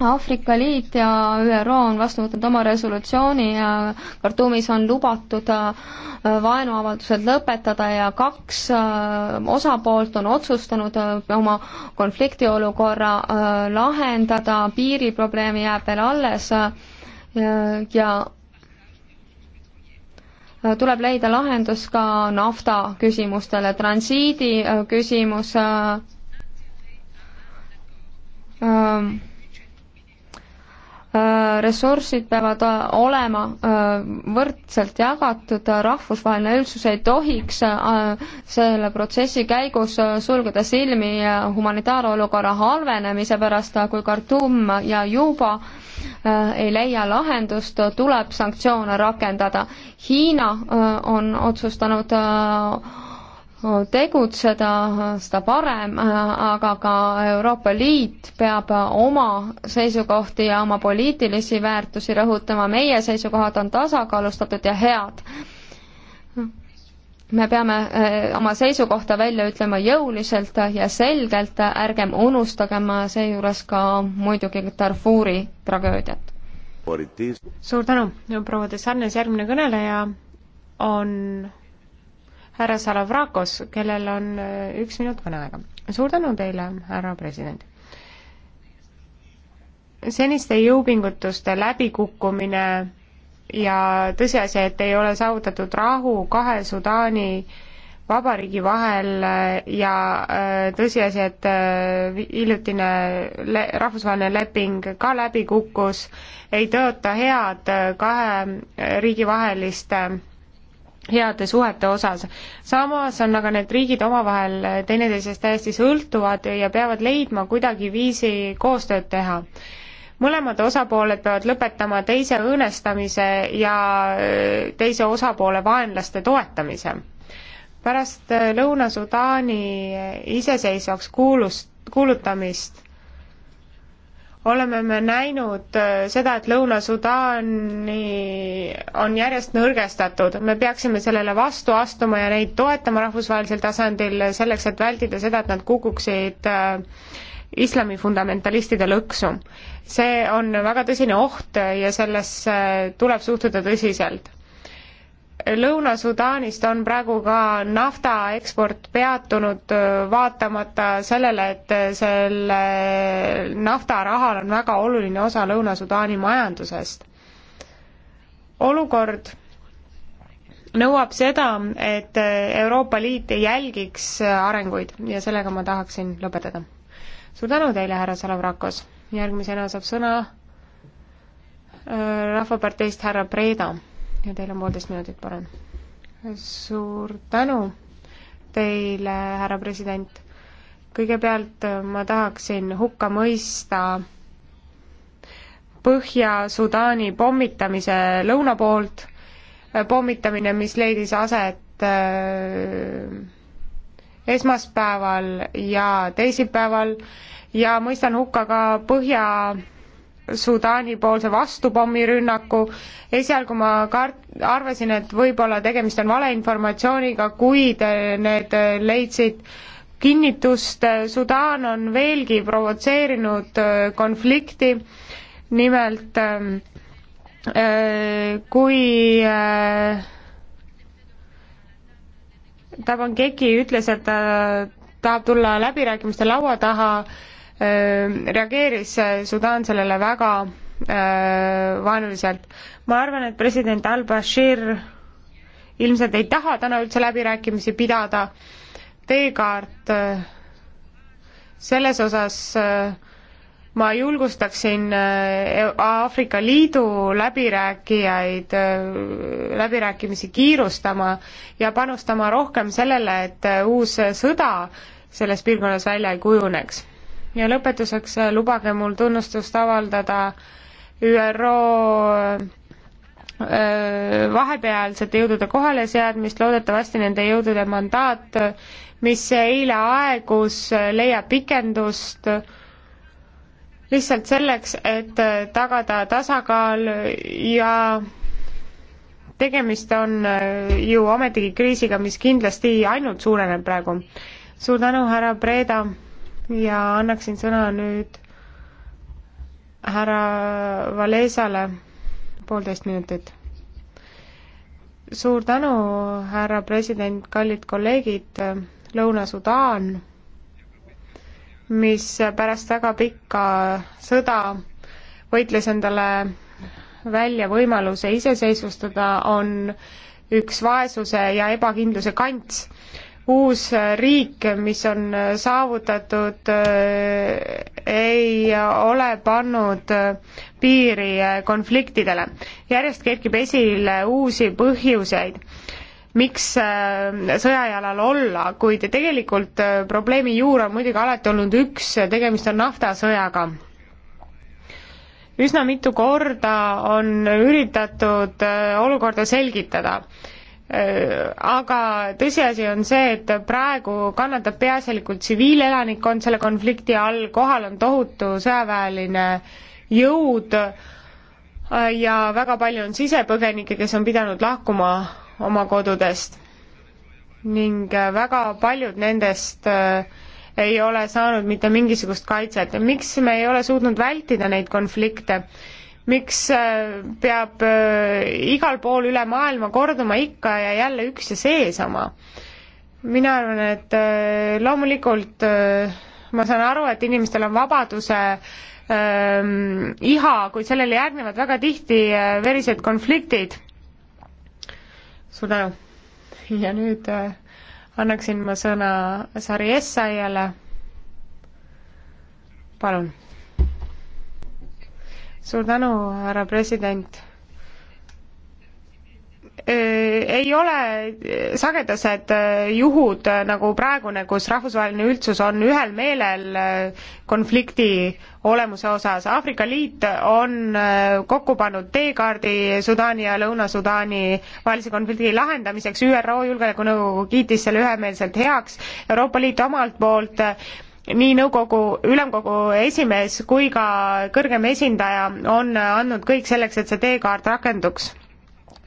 Aafrika Liit ja ÜRO on vastu võtnud oma resolutsiooni ja Khartoumis on lubatud äh, vaenuavaldused lõpetada ja kaks äh, osapoolt on otsustanud äh, oma konfliktiolukorra lahendada, piiriprobleem jääb veel alles ja tuleb leida lahendus ka nafta küsimustele, transiidi küsimus ähm, Äh, ressursid peavad äh, olema äh, võrdselt jagatud, rahvusvaheline üldsus ei tohiks selle protsessi käigus sulgeda silmi humanitaarolukorra halvenemise pärast, kui Khartoum ja Juba ei leia lahendust, tuleb sanktsioone rakendada. Hiina on otsustanud tegutseda, seda parem, aga ka Euroopa Liit peab oma seisukohti ja oma poliitilisi väärtusi rõhutama, meie seisukohad on tasakaalustatud ja head. me peame eh, oma seisukohta välja ütlema jõuliselt ja selgelt, ärgem unustagem seejuures ka muidugi Darfuri tragöödiat. suur tänu, proua Desarnes, järgmine kõneleja on härra Salavrakos, kellel on äh, üks minut kõneaega. suur tänu teile, härra president! seniste jõupingutuste läbikukkumine ja tõsiasi, et ei ole saavutatud rahu kahe Sudaani vabariigi vahel äh, ja äh, tõsiasi, et hiljutine le-, rahvusvaheline leping ka läbi kukkus, ei tõota head kahe riigi vaheliste heade suhete osas. samas on aga need riigid omavahel eh, teineteisest täiesti sõltuvad ja peavad leidma kuidagi viisi koostööd teha. mõlemad osapooled peavad lõpetama teise õõnestamise ja eh, teise osapoole vaenlaste toetamise. pärast eh, Lõuna-Sudaani iseseisvaks kuulust, kuulutamist oleme me näinud äh, seda, et Lõuna-Sudaani on järjest nõrgestatud. me peaksime sellele vastu astuma ja neid toetama rahvusvahelisel tasandil selleks, et vältida seda, et nad kukuksid äh, islami fundamentalistide lõksu. see on väga tõsine oht ja sellesse äh, tuleb suhtuda tõsiselt Lõuna-Sudaanist on praegu ka nafta eksport peatunud, äh, vaatamata sellele, et äh, selle naftarahal on väga oluline osa Lõuna-Sudaani majandusest. olukord nõuab seda, et äh, Euroopa Liit jälgiks arenguid ja sellega ma tahaksin lõpetada. suur tänu teile, härra Salavrakos, järgmisena saab sõna Rahvaparteist härra Preda ja teil on poolteist minutit, palun. suur tänu teile, härra president. kõigepealt äh, ma tahaksin hukka mõista Põhja-Sudaani pommitamise lõuna poolt, äh, pommitamine, mis leidis aset äh, esmaspäeval ja teisipäeval ja mõistan hukka ka Põhja Sudaani poolse vastupommirünnaku. esialgu ma kart-, arvasin, et võib-olla tegemist on valeinformatsiooniga, kuid eh, need eh, leidsid kinnitust, Sudaan on veelgi provotseerinud eh, konflikti, nimelt kui Tabankeki ütles, et ta tahab tulla läbirääkimiste laua taha, Äh, reageeris äh, Sudaan sellele väga äh, vaenuliselt. ma arvan, et president al-Bashir ilmselt ei taha täna üldse läbirääkimisi pidada, teekaart selles osas ma julgustaksin Aafrika Liidu läbirääkijaid läbirääkimisi kiirustama ja panustama rohkem sellele, et uus sõda selles piirkonnas välja ei kujuneks ja lõpetuseks äh, lubage mul tunnustust avaldada ÜRO äh, vahepealsete jõudude kohaleseadmist, loodetavasti nende jõudude mandaat, mis eile aegus, äh, leiab pikendust lihtsalt selleks, et tagada tasakaal ja tegemist on ju ometigi kriisiga, mis kindlasti ainult suureneb praegu. suur tänu, härra Breda! ja annaksin sõna nüüd härra Valesale poolteist minutit. suur tänu, härra president, kallid kolleegid, Lõuna-Sudaan, mis pärast väga pikka sõda võitles endale välja võimaluse iseseisvustada, on üks vaesuse ja ebakindluse kants uus riik, mis on saavutatud, eh, ei ole pannud piiri eh, konfliktidele. järjest kerkib esile uusi põhjuseid, miks eh, sõjajalal olla, kuid tegelikult probleemi juur on muidugi alati olnud üks, tegemist on naftasõjaga üsna mitu korda on üritatud olukorda selgitada aga tõsiasi on see, et praegu kannatab peaasjalikult tsiviilelanikkond selle konflikti all, kohal on tohutu sõjaväeline jõud ja väga palju on sisepõgenikke, kes on pidanud lahkuma oma kodudest. ning väga paljud nendest äh, ei ole saanud mitte mingisugust kaitset. miks me ei ole suutnud vältida neid konflikte? miks äh, peab äh, igal pool üle maailma korduma ikka ja jälle üks ja seesama? mina arvan, et äh, loomulikult ma saan aru, et inimestel on vabaduse ähm, iha, kuid sellele järgnevad väga tihti äh, verised konfliktid. suur tänu. ja nüüd äh, annaksin ma sõna Sari Essayale. palun suur tänu, härra president äh, ei ole sagedased äh, juhud äh, nagu praegune, kus rahvusvaheline üldsus on ühel meelel konflikti olemuse osas. Aafrika Liit on kokku pannud teekaardi Sudaani ja Lõuna-Sudaani vahelise konflikti lahendamiseks, ÜRO Julgeolekunõukogu kiitis selle ühemeelselt heaks, Euroopa Liit omalt poolt nii nõukogu, ülemkogu esimees kui ka kõrgem esindaja on andnud kõik selleks, et see teekaart rakenduks.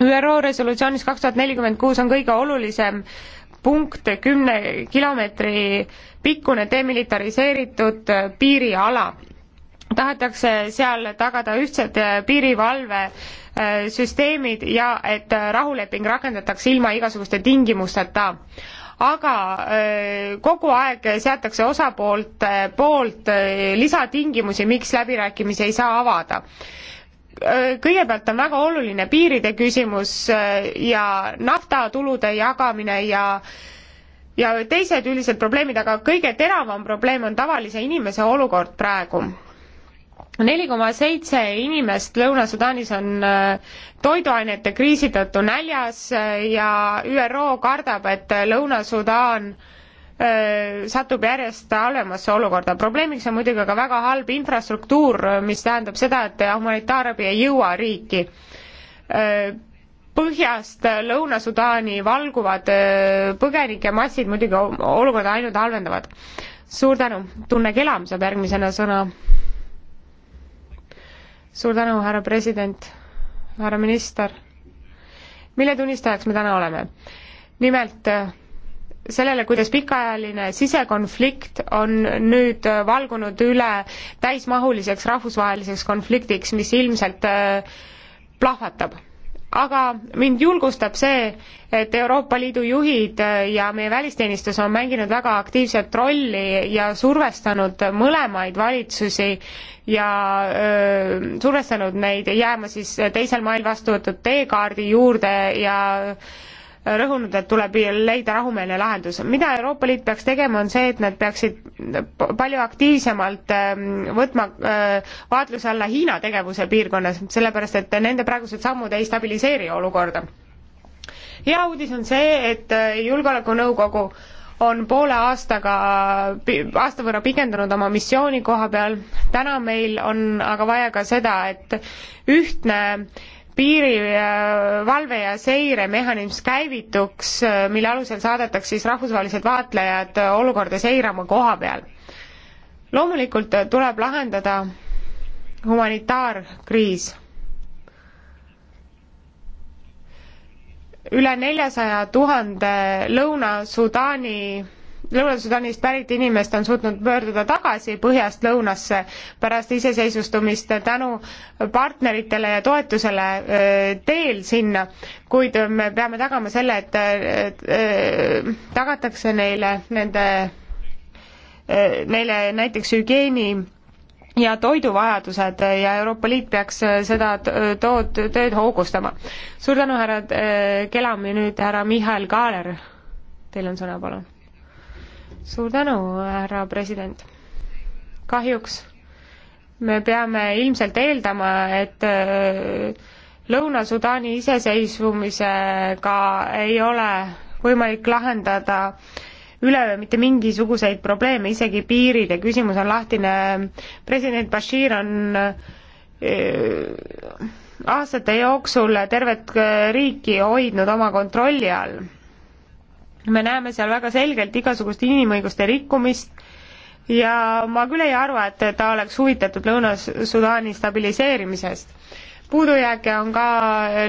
ÜRO resolutsioonis kaks tuhat nelikümmend kuus on kõige olulisem punkt kümne kilomeetri pikkune demilitariseeritud piiriala. tahetakse seal tagada ühtsed piirivalvesüsteemid äh, ja et rahuleping rakendatakse ilma igasuguste tingimusteta aga äh, kogu aeg seatakse osapoolte äh, poolt äh, lisatingimusi, miks läbirääkimisi ei saa avada kõigepealt on väga oluline piiride küsimus ja naftatulude jagamine ja ja teised üldised probleemid, aga kõige teravam probleem on tavalise inimese olukord praegu neli koma seitse inimest Lõuna-Sudaanis on äh, toiduainete kriisi tõttu näljas äh, ja ÜRO kardab, et Lõuna-Sudaan äh, satub järjest halvemasse olukorda. probleemiks on muidugi ka väga halb infrastruktuur, mis tähendab seda, et humanitaarabi ei jõua riiki. Põhjast Lõuna-Sudaani valguvad põgenikemassid muidugi olukorda ainult halvendavad. suur tänu, Tunne Kelam saab järgmisena sõna suur tänu, härra president, härra minister. mille tunnistajaks me täna oleme? nimelt eh, sellele, kuidas pikaajaline sisekonflikt on nüüd eh, valgunud üle täismahuliseks rahvusvaheliseks konfliktiks, mis ilmselt eh, plahvatab aga mind julgustab see, et Euroopa Liidu juhid ja meie välisteenistus on mänginud väga aktiivset rolli ja survestanud mõlemaid valitsusi ja öö, survestanud neid jääma siis teisel mail vastu võetud teekaardi juurde ja öö, rõhunud, et tuleb leida rahumeelne lahendus. mida Euroopa Liit peaks tegema, on see, et nad peaksid palju aktiivsemalt ähm, võtma äh, vaatluse alla Hiina tegevuse piirkonnas, sellepärast et nende praegused sammud ei stabiliseeri olukorda. hea uudis on see, et äh, Julgeolekunõukogu on poole aastaga, aasta võrra pikendanud oma missiooni koha peal, täna meil on aga vaja ka seda, et ühtne äh, piirivalve äh, ja seiremehhanism käivituks, äh, mille alusel saadetakse siis rahvusvahelised vaatlejad äh, olukorda seirama koha peal. loomulikult tuleb lahendada humanitaarkriis. üle neljasaja tuhande Lõuna-Sudaani Lõuna-Sudaanist pärit inimest on suutnud pöörduda tagasi põhjast lõunasse pärast iseseisvustumist tänu partneritele ja toetusele äh, teel sinna, kuid me peame tagama selle, et äh, tagatakse neile nende, äh, neile näiteks hügieeni ja toiduvajadused ja Euroopa Liit peaks seda tood, tööd hoogustama. suur tänu, härra Kelam ja nüüd härra Mihhail Kaaler. Teil on sõna, palun suur tänu, härra president. kahjuks me peame ilmselt eeldama, et äh, Lõuna-Sudaani iseseisvumisega ei ole võimalik lahendada üleöö mitte mingisuguseid probleeme, isegi piiride küsimus on lahtine. president Bashir on äh, aastate jooksul tervet äh, riiki hoidnud oma kontrolli all me näeme seal väga selgelt igasugust inimõiguste rikkumist ja ma küll ei arva, et ta oleks huvitatud Lõuna-Sudaani stabiliseerimisest. puudujääke on ka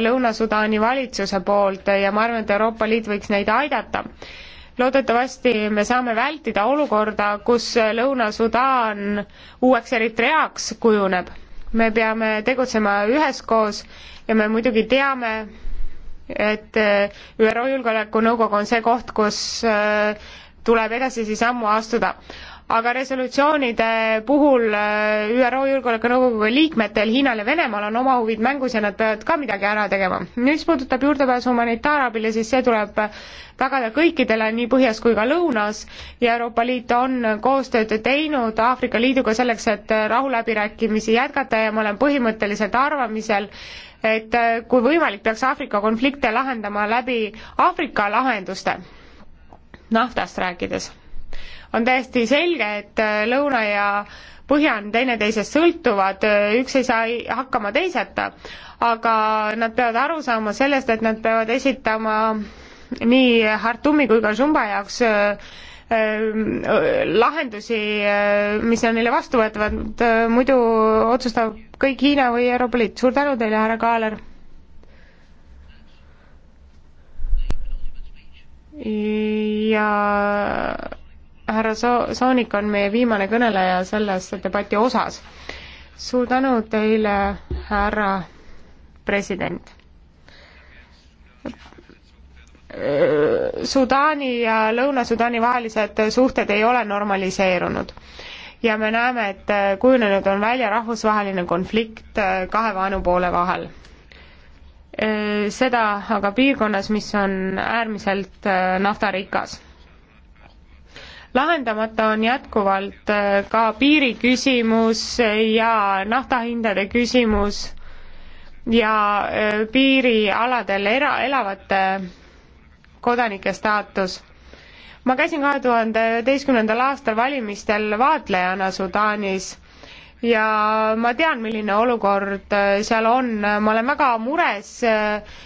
Lõuna-Sudaani valitsuse poolt ja ma arvan, et Euroopa Liit võiks neid aidata loodetavasti me saame vältida olukorda, kus Lõuna-Sudaan uueks Eritreaks kujuneb. me peame tegutsema üheskoos ja me muidugi teame, et äh, ÜRO Julgeolekunõukogu on see koht, kus äh, tuleb edasisi sammu astuda. aga resolutsioonide puhul äh, ÜRO Julgeolekunõukogu liikmetel Hiinal ja Venemaal on oma huvid mängus ja nad peavad ka midagi ära tegema. mis puudutab juurdepääsu humanitaarabile, siis see tuleb tagada kõikidele nii põhjas kui ka lõunas ja Euroopa Liit on koostööd teinud Aafrika Liiduga selleks, et rahuläbirääkimisi jätkata ja ma olen põhimõtteliselt arvamisel, et äh, kui võimalik, peaks Aafrika konflikte lahendama läbi Aafrika lahenduste, naftast rääkides. on täiesti selge, et äh, lõuna ja põhja on teineteisest sõltuvad, äh, üks ei saa hakkama teiseta, aga nad peavad aru saama sellest, et nad peavad esitama nii Hartumi kui ka Zumba jaoks Ehm, lahendusi, ehm, mis on neile vastuvõetavad, äh, muidu otsustab kõik Hiina või Euroopa Liit. suur tänu teile, härra Kaaler! ja härra So-, Soonik on meie viimane kõneleja selles debati osas. suur tänu teile, härra president! Äh, Sudaani ja Lõuna-Sudaani vahelised suhted ei ole normaliseerunud. ja me näeme, et äh, kujunenud on välja rahvusvaheline konflikt äh, kahe vaenupoole vahel. Seda aga piirkonnas, mis on äärmiselt naftarikas lahendamata on jätkuvalt ka piiriküsimus ja naftahindade küsimus ja piirialadel era-, elavate kodanike staatus. ma käisin kahe tuhande üheteistkümnendal aastal valimistel vaatlejana Sudaanis ja ma tean, milline olukord äh, seal on, ma olen väga mures äh,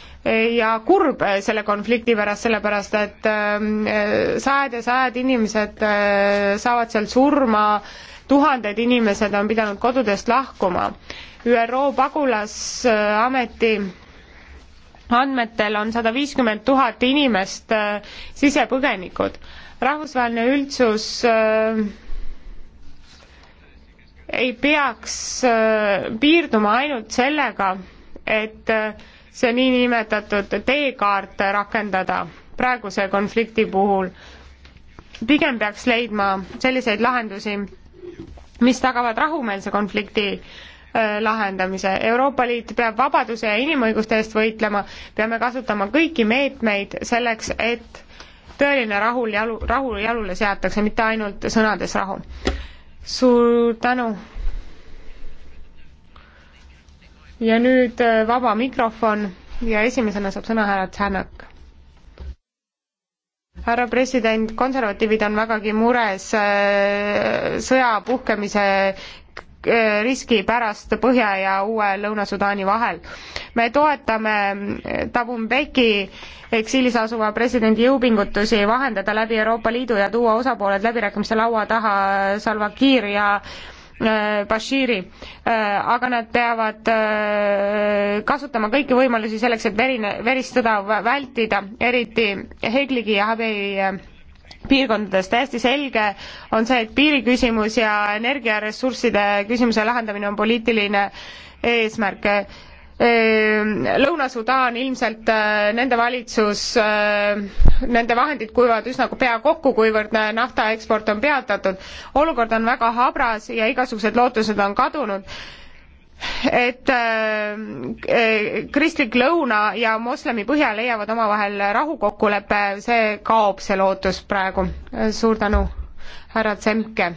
ja kurb äh, selle konflikti pärast, sellepärast et ähm, sajad ja sajad inimesed saavad seal surma, tuhanded inimesed on pidanud kodudest lahkuma. ÜRO pagulasameti andmetel on sada viiskümmend tuhat inimest äh, sisepõgenikud. rahvusvaheline üldsus äh, ei peaks äh, piirduma ainult sellega, et see niinimetatud teekaart rakendada praeguse konflikti puhul. pigem peaks leidma selliseid lahendusi, mis tagavad rahumeelse konflikti äh, Äh, lahendamise. Euroopa Liit peab vabaduse ja inimõiguste eest võitlema, peame kasutama kõiki meetmeid selleks, et tõeline rahul jalu, rahu jalule seatakse, mitte ainult sõnades rahu. suur tänu! ja nüüd äh, vaba mikrofon ja esimesena saab sõna härra Tšanak härra president, konservatiivid on vägagi mures äh, sõja puhkemise Eh, riski pärast Põhja ja uue Lõuna-Sudaani vahel. me toetame eh, Tabumbeki eksiilis asuva presidendi jõupingutusi vahendada läbi Euroopa Liidu ja tuua osapooled läbirääkimiste laua taha Salva Kiir ja eh, Bashiri, aga nad peavad kasutama kõiki võimalusi selleks, et verine, verist sõda vältida, eriti Hegligi ja Habei piirkondades. täiesti selge on see, et piiriküsimus ja energiaressursside küsimuse lahendamine on poliitiline eesmärk. Ehm, Lõuna-Sudaan ilmselt, äh, nende valitsus, äh, nende vahendid kuivad üsna pea kokku, kuivõrd äh, naftaeksport on peatatud. olukord on väga habras ja igasugused lootused on kadunud et äh, äh, kristlik lõuna ja moslemi põhja leiavad omavahel rahukokkuleppe, see kaob, see lootus praegu. suur tänu, härra Tsemke.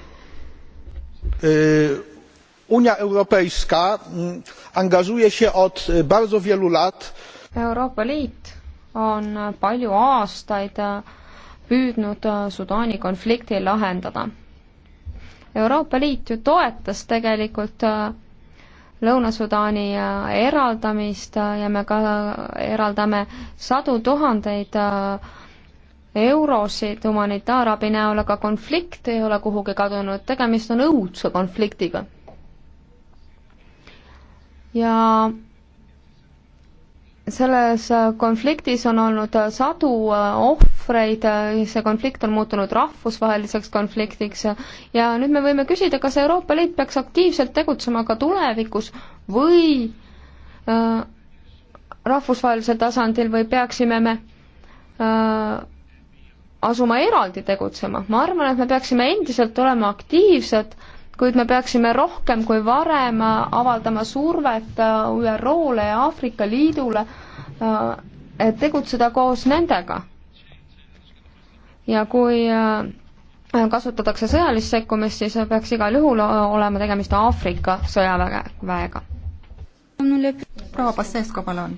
Unia Europejska mm, angażuje się od bardzo wielu lat Euroopa Liit on palju aastaid püüdnud Sudaani konflikti lahendada. Euroopa Liit ju toetas tegelikult Lõuna-Sudaani äh, eraldamist äh, ja me ka eraldame sadu tuhandeid äh, eurosid humanitaarabi näol, aga konflikt ei ole kuhugi kadunud, tegemist on õudse konfliktiga. ja selles äh, konfliktis on olnud äh, sadu äh, ohvreid, see konflikt on muutunud rahvusvaheliseks konfliktiks ja nüüd me võime küsida, kas Euroopa Liit peaks aktiivselt tegutsema ka tulevikus või äh, rahvusvahelisel tasandil või peaksime me äh, asuma eraldi tegutsema, ma arvan, et me peaksime endiselt olema aktiivsed äh, kuid me peaksime rohkem kui varem avaldama survet äh, ÜRO-le ja Aafrika Liidule, äh, et tegutseda koos nendega. ja kui äh, kasutatakse sõjalist sekkumist, siis peaks igal juhul olema tegemist Aafrika sõjaväega. proua Passesko, palun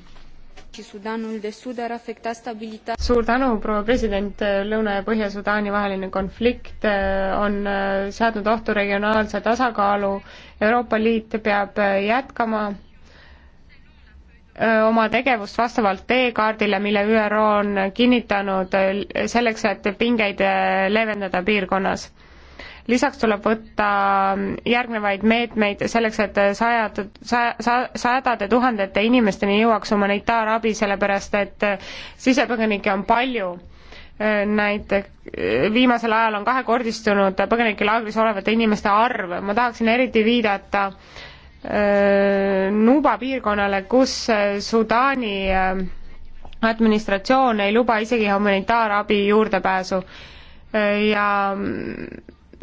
și Sudanul de Sud ar afecta stabilitatea suur tänu, proua president, Lõuna- ja Põhja-Sudaani vaheline konflikt eh, on eh, seadnud ohtu regionaalse tasakaalu, Euroopa Liit peab eh, jätkama oma tegevust vastavalt teekaardile, mille ÜRO on kinnitanud selleks, et pingeid leevendada piirkonnas lisaks tuleb võtta järgnevaid meetmeid selleks, et sajad, saja, sadade tuhandete inimesteni jõuaks humanitaarabi, sellepärast et sisepõgenikke on palju näiteks viimasel ajal on kahekordistunud põgenikelaagris olevate inimeste arv, ma tahaksin eriti viidata äh, Nuba piirkonnale, kus Sudaani äh, administratsioon ei luba isegi humanitaarabi juurdepääsu äh, ja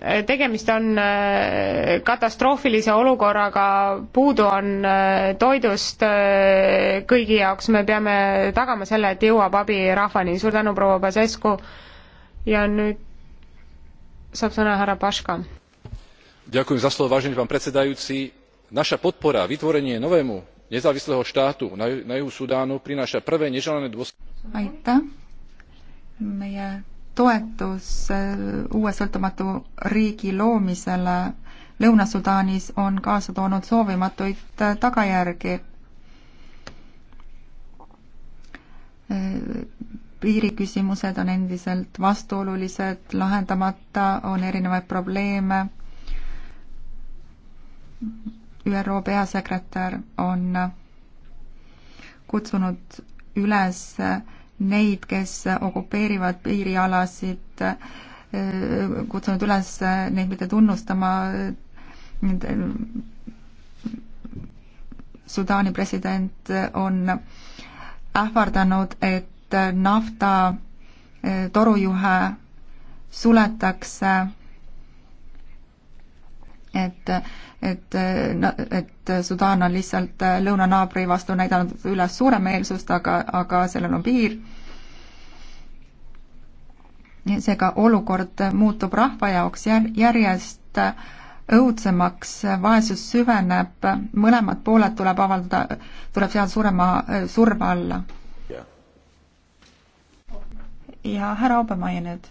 tegemist on äh, katastroofilise olukorraga, puudu on äh, toidust äh, kõigi jaoks, me peame tagama selle, et jõuab abi rahvani, suur tänu, proua Pasescu, ja nüüd saab sõna härra Paška. naša podpora vytvorenie novému nezávislého štátu na, na juhu Sudánu prináša prvé neželané dôsledky. Aitäh. Meie toetus äh, uue sõltumatu riigi loomisele Lõuna-Sudaanis on kaasa toonud soovimatuid äh, tagajärgi. Äh, piiriküsimused on endiselt vastuolulised, lahendamata on erinevaid probleeme. ÜRO peasekretär on kutsunud üles neid, kes okupeerivad piirialasid, kutsunud üles neid mitte tunnustama. Sudaani president on ähvardanud, et nafta torujuhe suletakse et, et, et Sudaan on lihtsalt äh, lõunanaabri vastu näidanud üles suuremeelsust, aga, aga sellel on piir. seega olukord muutub rahva jaoks jär, järjest äh, õudsemaks, vaesus süveneb, mõlemad pooled tuleb avaldada, tuleb seal suurema äh, surve alla. ja härra Obermeier nüüd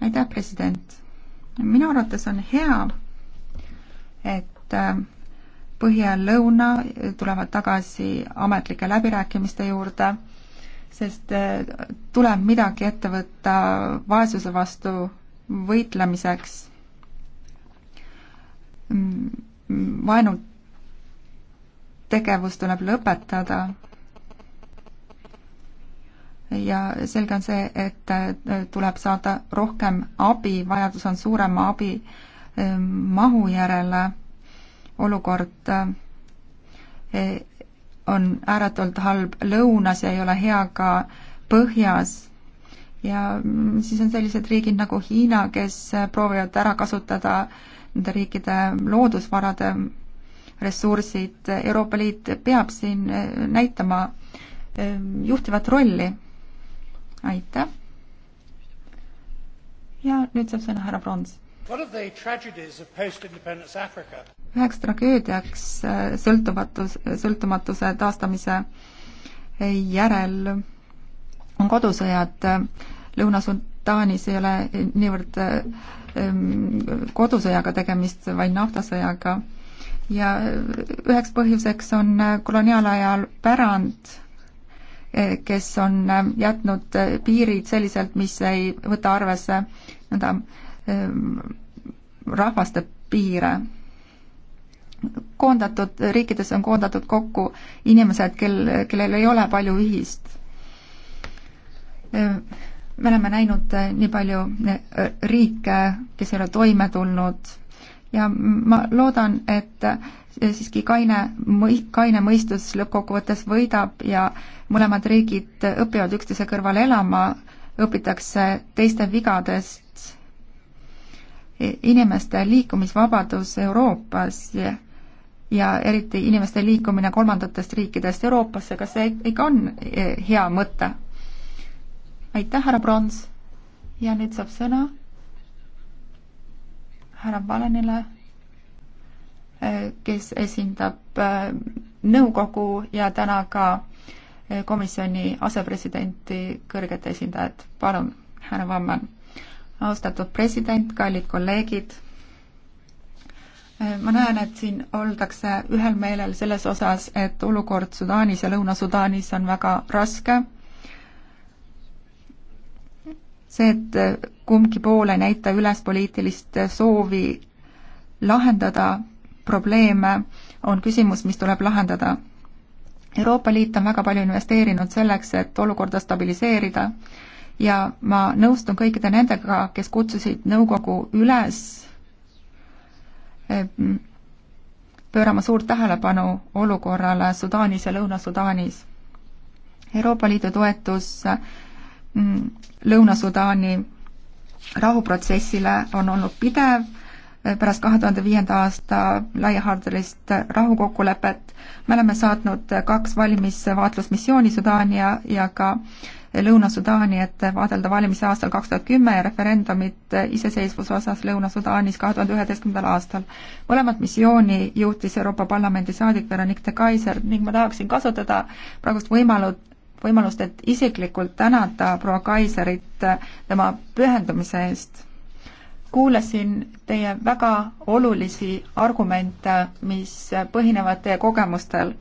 aitäh, president. minu arvates on hea, et äh, põhja ja lõuna tulevad tagasi ametlike läbirääkimiste juurde, sest äh, tuleb midagi ette võtta vaesuse vastu võitlemiseks. Mm, mm, vaenu tegevus tuleb lõpetada ja selge on see, et äh, tuleb saada rohkem abi, vajadus on suurema abi ähm, mahu järele, olukord äh, eh, on ääretult halb lõunas ja ei ole hea ka põhjas ja mm, siis on sellised riigid nagu Hiina, kes äh, proovivad ära kasutada nende riikide loodusvarade ressursid, Euroopa Liit peab siin näitama ähm, juhtivat rolli aitäh. ja nüüd saab sõna härra Prons. üheks tragöödiaks äh, sõltumatus, sõltumatuse taastamise järel on kodusõjad Lõuna-Sudaanis ei ole niivõrd äh, ähm, kodusõjaga tegemist, vaid naftasõjaga. ja üheks põhjuseks on äh, koloniaalajal pärand Eh, kes on eh, jätnud eh, piirid selliselt, mis ei võta arvesse nõnda rahvaste piire. koondatud, riikides on koondatud kokku inimesed, kel, kellel ei ole palju ühist. me oleme näinud nii palju riike, kes ei ole toime tulnud ja ma loodan, et siiski kaine, kaine mõistus lõppkokkuvõttes võidab ja mõlemad riigid õpivad üksteise kõrval elama, õpitakse teiste vigadest, inimeste liikumisvabadus Euroopas ja, ja eriti inimeste liikumine kolmandatest riikidest Euroopasse, kas see ikka on eh, hea mõte? aitäh, härra Prons! ja nüüd saab sõna härra Valenile, eh, kes esindab eh, nõukogu ja täna ka eh, komisjoni asepresidenti, kõrget esindajat. palun, härra Vamman. austatud president, kallid kolleegid, ma näen, et siin oldakse ühel meelel selles osas, et olukord Sudaanis ja Lõuna-Sudaanis on väga raske see, et äh, kumbki pool ei näita üles poliitilist äh, soovi lahendada probleeme, on küsimus, mis tuleb lahendada. Euroopa Liit on väga palju investeerinud selleks, et olukorda stabiliseerida ja ma nõustun kõikide nendega, kes kutsusid nõukogu üles pöörama suurt tähelepanu olukorrale Sudaanis ja Lõuna-Sudaanis. Euroopa Liidu toetus Lõuna-Sudaani rahuprotsessile on olnud pidev pärast kahe tuhande viienda aasta laiahaardelist rahukokkulepet. me oleme saatnud kaks valimisvaatlusmissiooni Sudaani ja, ja ka Lõuna-Sudaani, et vaadelda valimisi aastal kaks tuhat kümme ja referendumit iseseisvuse osas Lõuna-Sudaanis kahe tuhande üheteistkümnendal aastal. mõlemat missiooni juhtis Euroopa Parlamendi saadik Veronique de Kaiser ning ma tahaksin kasutada praegust võimalu-, võimalust, et isiklikult tänada proua Kaiserit äh, tema pühendumise eest. kuulasin teie väga olulisi argumente, mis põhinevad teie kogemustel.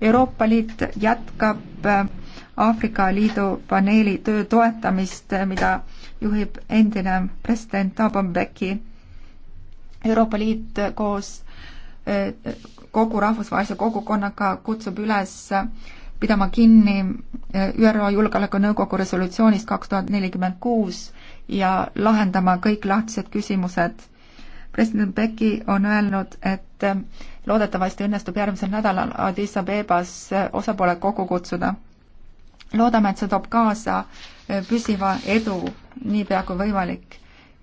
Euroopa Liit jätkab äh, Aafrika Liidu paneeli töö toetamist, äh, mida juhib endine president Thabo Mbeki. Euroopa Liit koos kogu rahvusvahelise kogukonnaga kutsub üles pidama kinni eh, ÜRO Julgeolekunõukogu resolutsioonist kaks tuhat nelikümmend kuus ja lahendama kõik lahtised küsimused. president Beki on öelnud, et eh, loodetavasti õnnestub järgmisel nädalal Addis Abebas eh, osapooled kokku kutsuda. loodame, et see toob kaasa püsiva edu niipea kui võimalik.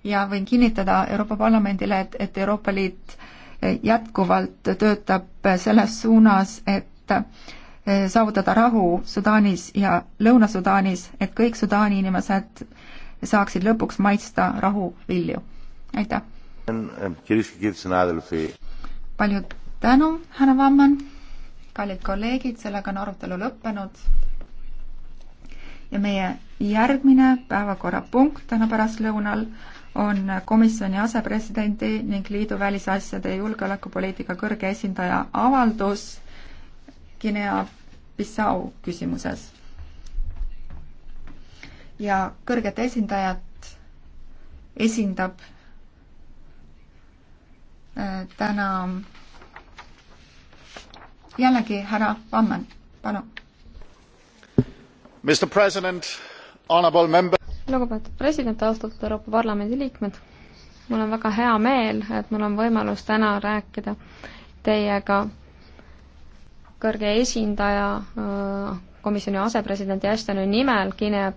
ja võin kinnitada Euroopa Parlamendile, et, et Euroopa Liit jätkuvalt töötab selles suunas, et Eh, saavutada rahu Sudaanis ja Lõuna-Sudaanis, et kõik Sudaani inimesed saaksid lõpuks maitsta rahu vilju. aitäh! palju tänu, härra Vammen, kallid kolleegid, sellega on arutelu lõppenud. ja meie järgmine päevakorrapunkt täna pärastlõunal on komisjoni asepresidendi ning liidu välisasjade ja julgeolekupoliitika kõrge esindaja avaldus Guinea-Bissau küsimuses. ja kõrget esindajat esindab äh, täna jällegi härra Vammen, palun. Mr President, honorable member. lugupeetud president, austatud Euroopa Parlamendi liikmed, mul on väga hea meel, et mul on võimalus täna rääkida teiega kõrge esindaja äh, komisjoni asepresidendi Ashtoni nimel Guinea